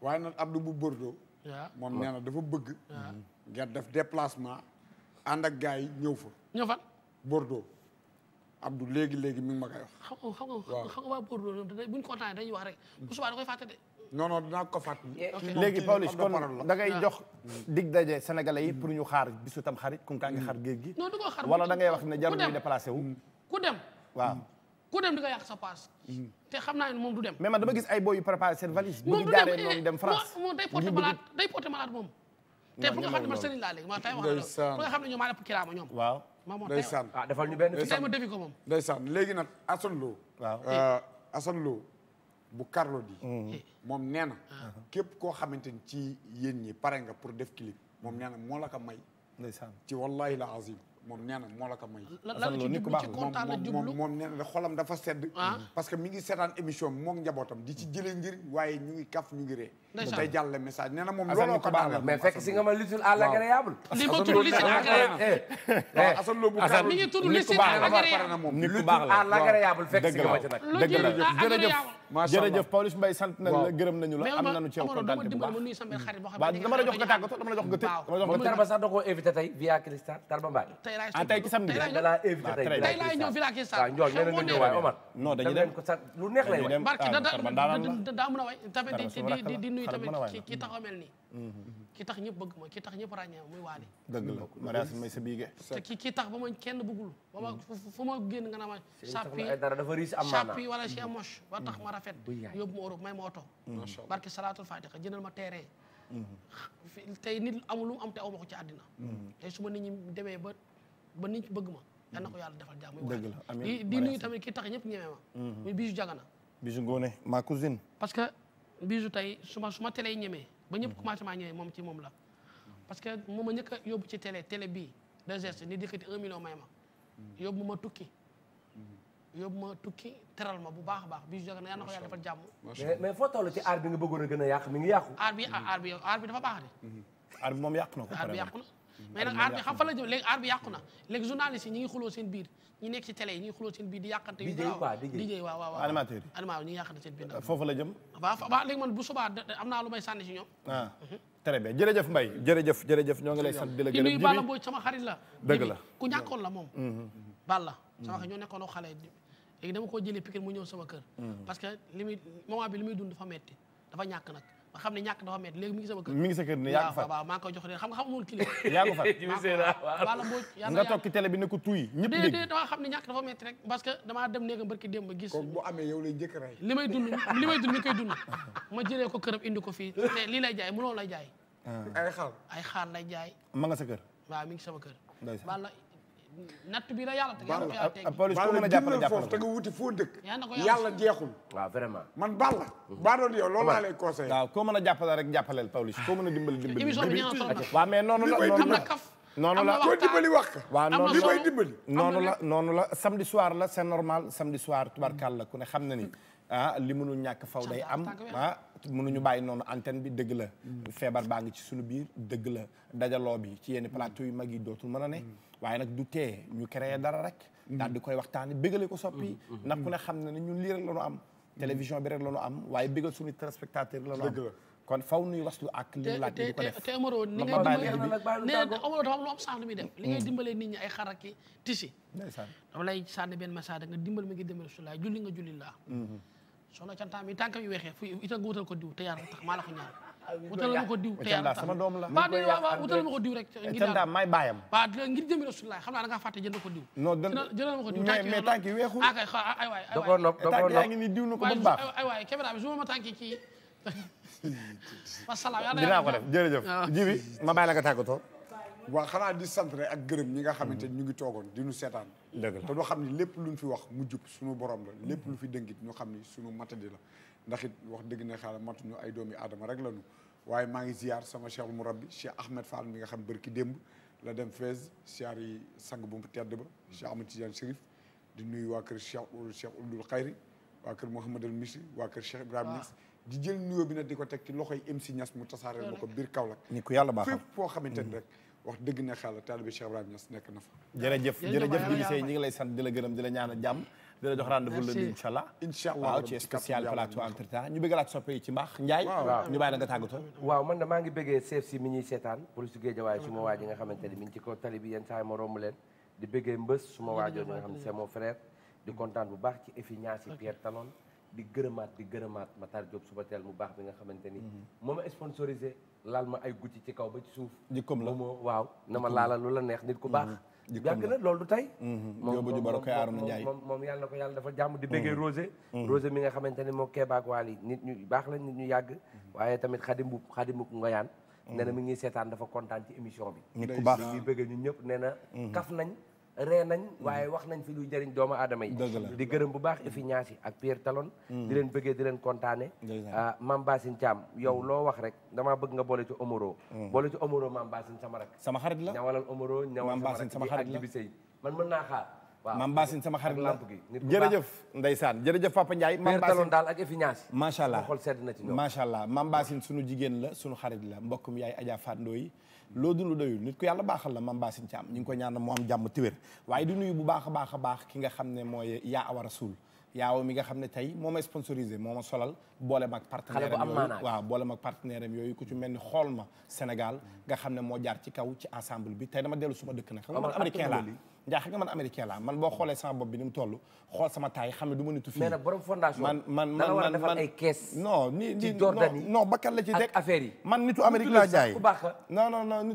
waaye nag Abdou bu Bordeaux. waaw moom nee na dafa bëgg. nga def déplacement. ànd ak gars yi ñëw fa. ñëw fa Bordeaux. Abdou léegi léegi mi ngi ma koy wax. xam nga xam nga xam nga waa Bordeaux bu ñu wax rek. bu koy fàtte de. non non ko fàttali. léegi Pawlish kon da ngay ah. jox dig daje sénégalais yi pour ñu xaar bisu tam xarit comme kaa ngi xaar géej gi. non du ko xaar wala da wax ne jarul déplacé wu. ku dem waaw. ku dem di mm. te xam naa ne moom du dem. mais ma dama gis ay boy yu préparé seen valise. moom du dem moom eh, dem France. moom day porté malade day porté malade moom. te pour nga xam ne man sëriñ laa léegi ma tey wax la pour nga xam ne ñoom maa ëpp kiraama ñoom. waaw ndeysaan ah defal ñu benn. ndeysaan léegi nag Assane Lo. waaw euh, Assane Lo. bu Carlou D mm-hmm. moom nee na uh-huh. képp koo xamante ni ci yéen ñi pare nga pour def clip moom nee na moo la ko may ndeysaan ci wallahi la azim moom nee na moo la ko may moom moom nee na xolam dafa sedd ah. parce que mi ngi seetaan émission moom njabootam di ci jëlee ngir waaye ñu ngi kaf ñu ngi ree ndeysaan day jàllale message nee na moom looloo ko daanaka mais fekk si nga ma l'utile à l'agréable. li ma tudd l'utile agréable. Eh, eh. eh, waaw asan loo bu kaw mi ngi tudd l'utile agréable moom l'utile à l'agréable fekk si nga ma ci nag. dëgg la jërëjëf jërëjëf Pawlish Mbaye sant nañ la gërëm nañu la am nañu ceeb kontaan bu baax waaw dama la jox nga tàggatoo dama la jox nga tëj. moom Tarba sax da koo invité tey via Cristal Tarba Mbaye. ah tey ci samedi bi da laa invité tey. tey laay ñëw via Cristal waaw Ndiol nee na nga ñëw waay Omar. non dañuy dem lu neex lay waay. barke da daa mën a waay tamit di di di nuyu tamit ki tax a mel nii mm-hmm. ki tax ñëpp bëgg ma ki tax ñëpp ràññee ma muy waali dëgg la mariage may sa biige te ki ki ba ma kenn bëggul ba ma mm-hmm. fu ma génn nga naa ma sappi sappi wala chien mm-hmm. moche ba tax ma rafet yóbbu ma Europe may ma oto barke salaatul fatiha jëndal ma teere tey nit amul am te aw ma ci àddina tey su ma nit ñi demee ba ba nit bëgg ma yal na ko yàlla defal jàmm muy waali di nuyu tamit ki tax ñëpp ñemee ma muy bisu jagana bisu ngoone ma cousine bi tey su ma su ma télé yi ñemee ba ñëpp mhm. commencé maa ñemee moom ci moom la parce que moom a njëkk yóbbu ci télé télé bii deux gestes ni dikkati un million may ma mhm. yóbbu ma tukki mhm. yóbbu ma tukki teral ma bu baax baax Bijou Diagne yàlla na ko yàlla defal jàmm mais foo toll ci aar bi nga a gën a yàq ngi yàqu dafa baax de moom yàqu na yàqu na Mhm. mais nag aar bi xam fa la jëm léegi aar bi yàqu na léegi journaliste yi ñi ngi xuloo seen biir ñi nekk ci télé yi ñi ngi xuloo seen biir di yàqante yu DJ waaw waaw waaw animateur yi animateur ñi ngi seen biir foofu la jëm waaw waaw man bu subaa am naa lu may sànni si ñoom ah mhm. très bien jërëjëf Mbaye jërëjëf jërëjëf ñoo ngi lay sant di la gërëm di nuyu Balla Boy sama xarit la dëgg la ku ñàkkoon la moom mhm. Balla sama xarit ñoo nekkoon xale léegi dama koo jëlee Pikine mu ñëw sama kër parce que li muy moment li muy dund dafa metti dafa ñàkk nag xam ne ñàkk dafa métti léegi mi ngi sama kër. mi ngi sa kër ne yaa ko far waaw maa ngi nga xamul kii yaa ko far Balla nga toog ci télé bi ne ko tuy ñëpp dégg déedéet dama parce que damaa dem néegam barki démb gis ma jëlee lii lay jaay mënoo lay jaay ay xaal ay lay jaay ma nga sa kër waaw mi ngi sama kër Balla natt bi la yàlla teg yàlla ko yàlla teg Pawlish ku mën a jàppale jàppale foofu te nga wuti foo dëkk yàlla jeexul waaw ah, vraiment man Balla mm-hmm. baa doon yow loolu laa lay conseillé waaw koo mën a jàppale rek jàppaleel Pawlish koo mën a dimbali dimbali émission bi waaw mais noonu la am na kaf noonu la koo dimbali wax ka waaw noonu li koy dimbali noonu la noonu la samedi soir la c'est normal samedi soir tubarkàlla ku ne xam na ni ah li mënul ñàkk faw day am ah ñu bàyyi noonu antenne bi dëgg la feebar baa ngi ci suñu biir dëgg la dajaloo bi ci yenn plateau yu mag yi dootul mën a ne waaye nag du tee ñu créer dara rek daal di koy waxtaani bégale ko soppi nag ku ne xam ne ne ñun lii rek la ñu am télévision bi rek la am waaye bégal suñu téléspectateur la ñu am kon faw nuy waslu ak li mu laaj di ko def te ni nga nee Omaro dafa am lu am sax lu mm. dimbalee nit ñi ay xaraki tisi dama lay sànni benn message nga dimbal mi ngi dimbal su laay nga julli laa mm-hmm. soxna cantaam yi tànkam yu weexee fu itam nga wutal ko diw te yàlla tax maa la ko ñaan wutal ma ko diw te yàlla tax sama doom la waaw waaw waaw wutal ma ko diw rek ngir cantaam may bàyyam waaw ngir jëmi rasulullah xam naa da ngaa fàtte jënd ko diw non jëndal ma ko diw mais tànk yi weexul ah kay ay waay da koo nopp da koo nopp tànk yaa ngi ni diw na ko ba mu baax ay waay caméra bi su ma ma tànki kii wasalaam dinaa ko def jërëjëf ah. jibi ma bàyyi la nga tàggatoo waa xanaa di sant ak gërëm ñi nga xamante mm-hmm. ñu ngi toogoon di ñu seetaan te ñu xam ne lépp lu luñ fi wax mu jub suñu borom la lépp lu mm-hmm. fi dëngit ñu xam ni suñu matadi la ndaxit it wax dëgg ne xaala matuñu ay doomi adama rek la ñu waaye maa ngi ziar sama cheikhul murabbi cheikh ahmed fall mi nga xam bërki démb la dem fees siyaar yi sang bu mu tedd ba cheikh ahmed tidiane chérif di nuyu waa kër cheikh cheikh uldul xayri waa kër mouhamad al misri waa kër cheikh ibrahima Niass di jël nuyoo bi nag di ko teg ci loxoy MC Niass mu tasaareel ma ko biir Kaolack ni ku yàlla baaxal fépp foo ni mm-hmm. rek wax dëgg ne xàlla taalibe Cheikh Ibrahima Niass nekk na fa jërëjëf jërëjëf Djiby lay sant di la gërëm di jàmm di la jox rendez-vous lundi incha allah incha soppe yi ci mbaax Ndiaye ñu bàyyi la nga tàggatoo waaw man na maa ngi bëggee chef si mi ñuy seetaan police su Guédiawaye su ma waa ji nga xamante ni mi ngi ci kaw tali yenn saa yi di bëggee mbës su ma nga xam ne c'est mon frère di kontaan bu baax ci efficace Pierre Talon di gërëmaat di gërëmaat Matar lal ma ay guddi ci kaw ba ci suuf. jikkoom la moom waaw na ma laala lu la neex nit ku baax. jikkoom yàgg na loolu du tey. yóbbu mm-hmm. ju baro kay Arouna Ndiaye moom moom yàlla ko yàlla dafa jàmm di bëggee mm-hmm. Rosé. Mm-hmm. Rosé mi nga xamante ne moo Kébaak Waal yi nit ñu baax la nit ñu yàgg. waaye tamit xadim bu xadim bu ngoyaan. nee na mi ngi seetaan dafa kontaan ci émission bi. nit ku baax mi ngi ñun ñëpp nee na kaf nañ. ree nañ mm. waaye wax nañ fi luy jëriñ doomu aadama yi di gërëm bu baax Ifi Ñaasi ak Pierre Talon mm. di leen bëggee di leen kontaane ah, Mame Bassine Thiam yow mm. loo wax rek damaa bëgg nga boole ci Omoro boole ci Omoro Mame Bassine sama rak sama xarit la ñawalal Omoro ñawal sama rak ak Jibi Sey man naa xaar waaw Mame Bassine sama xarit la jërëjëf ndeysaan jërëjëf Papa Ndiaye Mame Bassine daal ak efficace macha allah xol sedd na ci ñoom macha allah Mame Bassine sunu jigéen la sunu xarit la mbokkum yaay ajaa faat Ndoye loo dund doyul nit ku yàlla baaxal la mam Bassine Thiam ñu ngi ko ñaanal mu am jàmm téwér waaye di nuyu bu baax a baax a ki nga xam ne mooy yaa awar a suul yaaw mi nga xam ne tey moo ma sponsorisé moo solal boole mag partenaire am yooyu ku ci mel ni ma Sénégal nga xam ne moo jaar ci kaw ci ensemble bi tey dama dellu suma dëkk na xam nga man américain laa ndax xam man boo xoolee sama bopp bi ni mu toll xool sama taay xam ne du nitu fii mais nag borom man la ci man nitu Amérique laa jaay non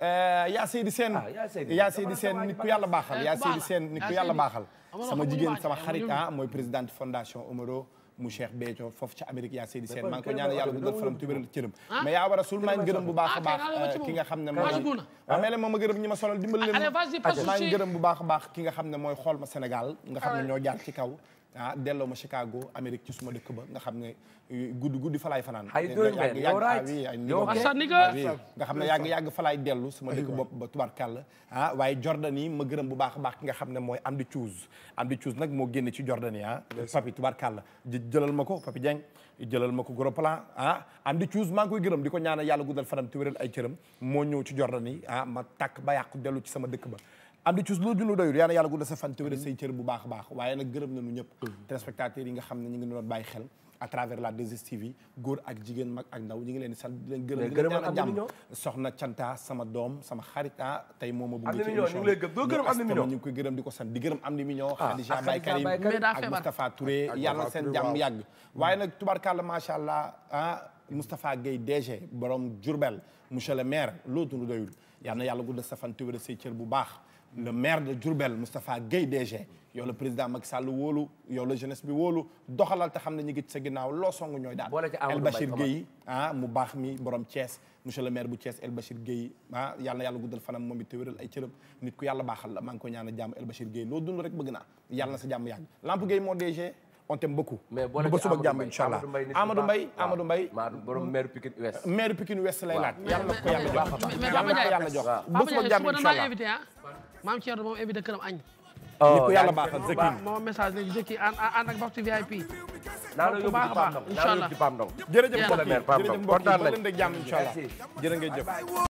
Eh, yaa seydi seen ah, yaa seydi seen nit ku yàlla baaxal eh, yaa seydi seen nit ku yàlla baaxal sama jigéen sama xarita ah, mooy présidente fondation Omaro mu Cheikh Béthio foofu ca Amérique yaa seydi seen maa ngi ko ñaanal yàlla guddal fanam tubéral cëram mais a ah, sul bu baax a eh, ki nga xam ne mooy waaw mais moom ma gërëm ñi ma solal dimbal leen maa ngi gërëm bu baax a baax ki nga xam ne mooy xool ma Sénégal nga xam ne ñoo jaar ci kaw ah delloo ma Chicago Amérique ci suma dëkk ba nga xam ne eh, guddi guddi falaay fanaan yàgg yàgg ah, ah, ah, nga xam ne yàgg yàgg falaay dellu suma dëkk bopp ba tubarkàll ah waaye Jordan ma gërëm bu baax a baax ki nga xam ne mooy Amdi Chouz Amdi Chouz nag moo génne ci Jordan yi ah papi tubarkàll jëlal ma ko papi Dieng jëlal ma ko gros plan ah Amdi Chouz maa ngi koy gërëm di ko ñaanal yàlla guddal fanaan ti wéral ay cëram moo ñëw ci Jordan yi ah ma tàkk ba yàqu dellu ci sama dëkk ba am di ci loo dund doyul yal na yàlla gudd sa fan te mm-hmm. bu baax a baax waaye nag gërëm nañu ñëpp mm-hmm. téléspectateurs yi nga xam ne ñu ngi doon bàyyi xel à travers la 2STV góor ak jigéen mag ak ndaw ñu ngi leen di sant di leen gërëm di leen a jàmm sama doom sama xarit ah tey moom ma bëgg ñu ngi koy gërëm di ko sant di gërëm am di million Khadija Baye Karim ak Moustapha Touré ah, seen jàmm yàgg waaye nag tubarkàlla macha allah ah Moustapha Gueye DG borom Diourbel monsieur le maire loo dund doyul yal na yàlla gudd sa fan te wéral bu baax le maire de Diourbel Moustapha Guèye DG yow la président Macky Sall wóolu yow la jeunesse bi wóolu doxalal te xam ne ngi ci sa ginnaaw loo song ñooy daal El Bachir Guèye ah mu baax mi borom Thiès monsieur le maire bu Thiès El Bachir Guèye ah yàlla na yàlla guddal fanam moom it te wéral ay cërëm nit ku yàlla baaxal la maa ngi ko ñaan a jàmm El Bachir Guèye loo dund rek bëgg naa yàlla na sa jàmm yàgg Lamp Guèye moo DG on t'aime beaucoup. mais boole ci Amadou Mbaye Amadou Mbaye Amadou bay borom maire Pikine Ouest. maire Pikine Ouest lay laaj. yàlla na ko yàlla jox yàlla na ko yàlla jox. ba suba jàmm incha allah invité ah. maam Thierno moom invité këram añ. ni ko oh, yàlla a Zeki. moom message léegi Zeki ànd ak Bafti VIP. naa la yóbbu ci Pape Ndong naa la yóbbu ci Pape Ndong. jërëjëf mbokk yi jërëjëf mbokk yi ba leen de jàmm incha allah jërë ngeen jëf.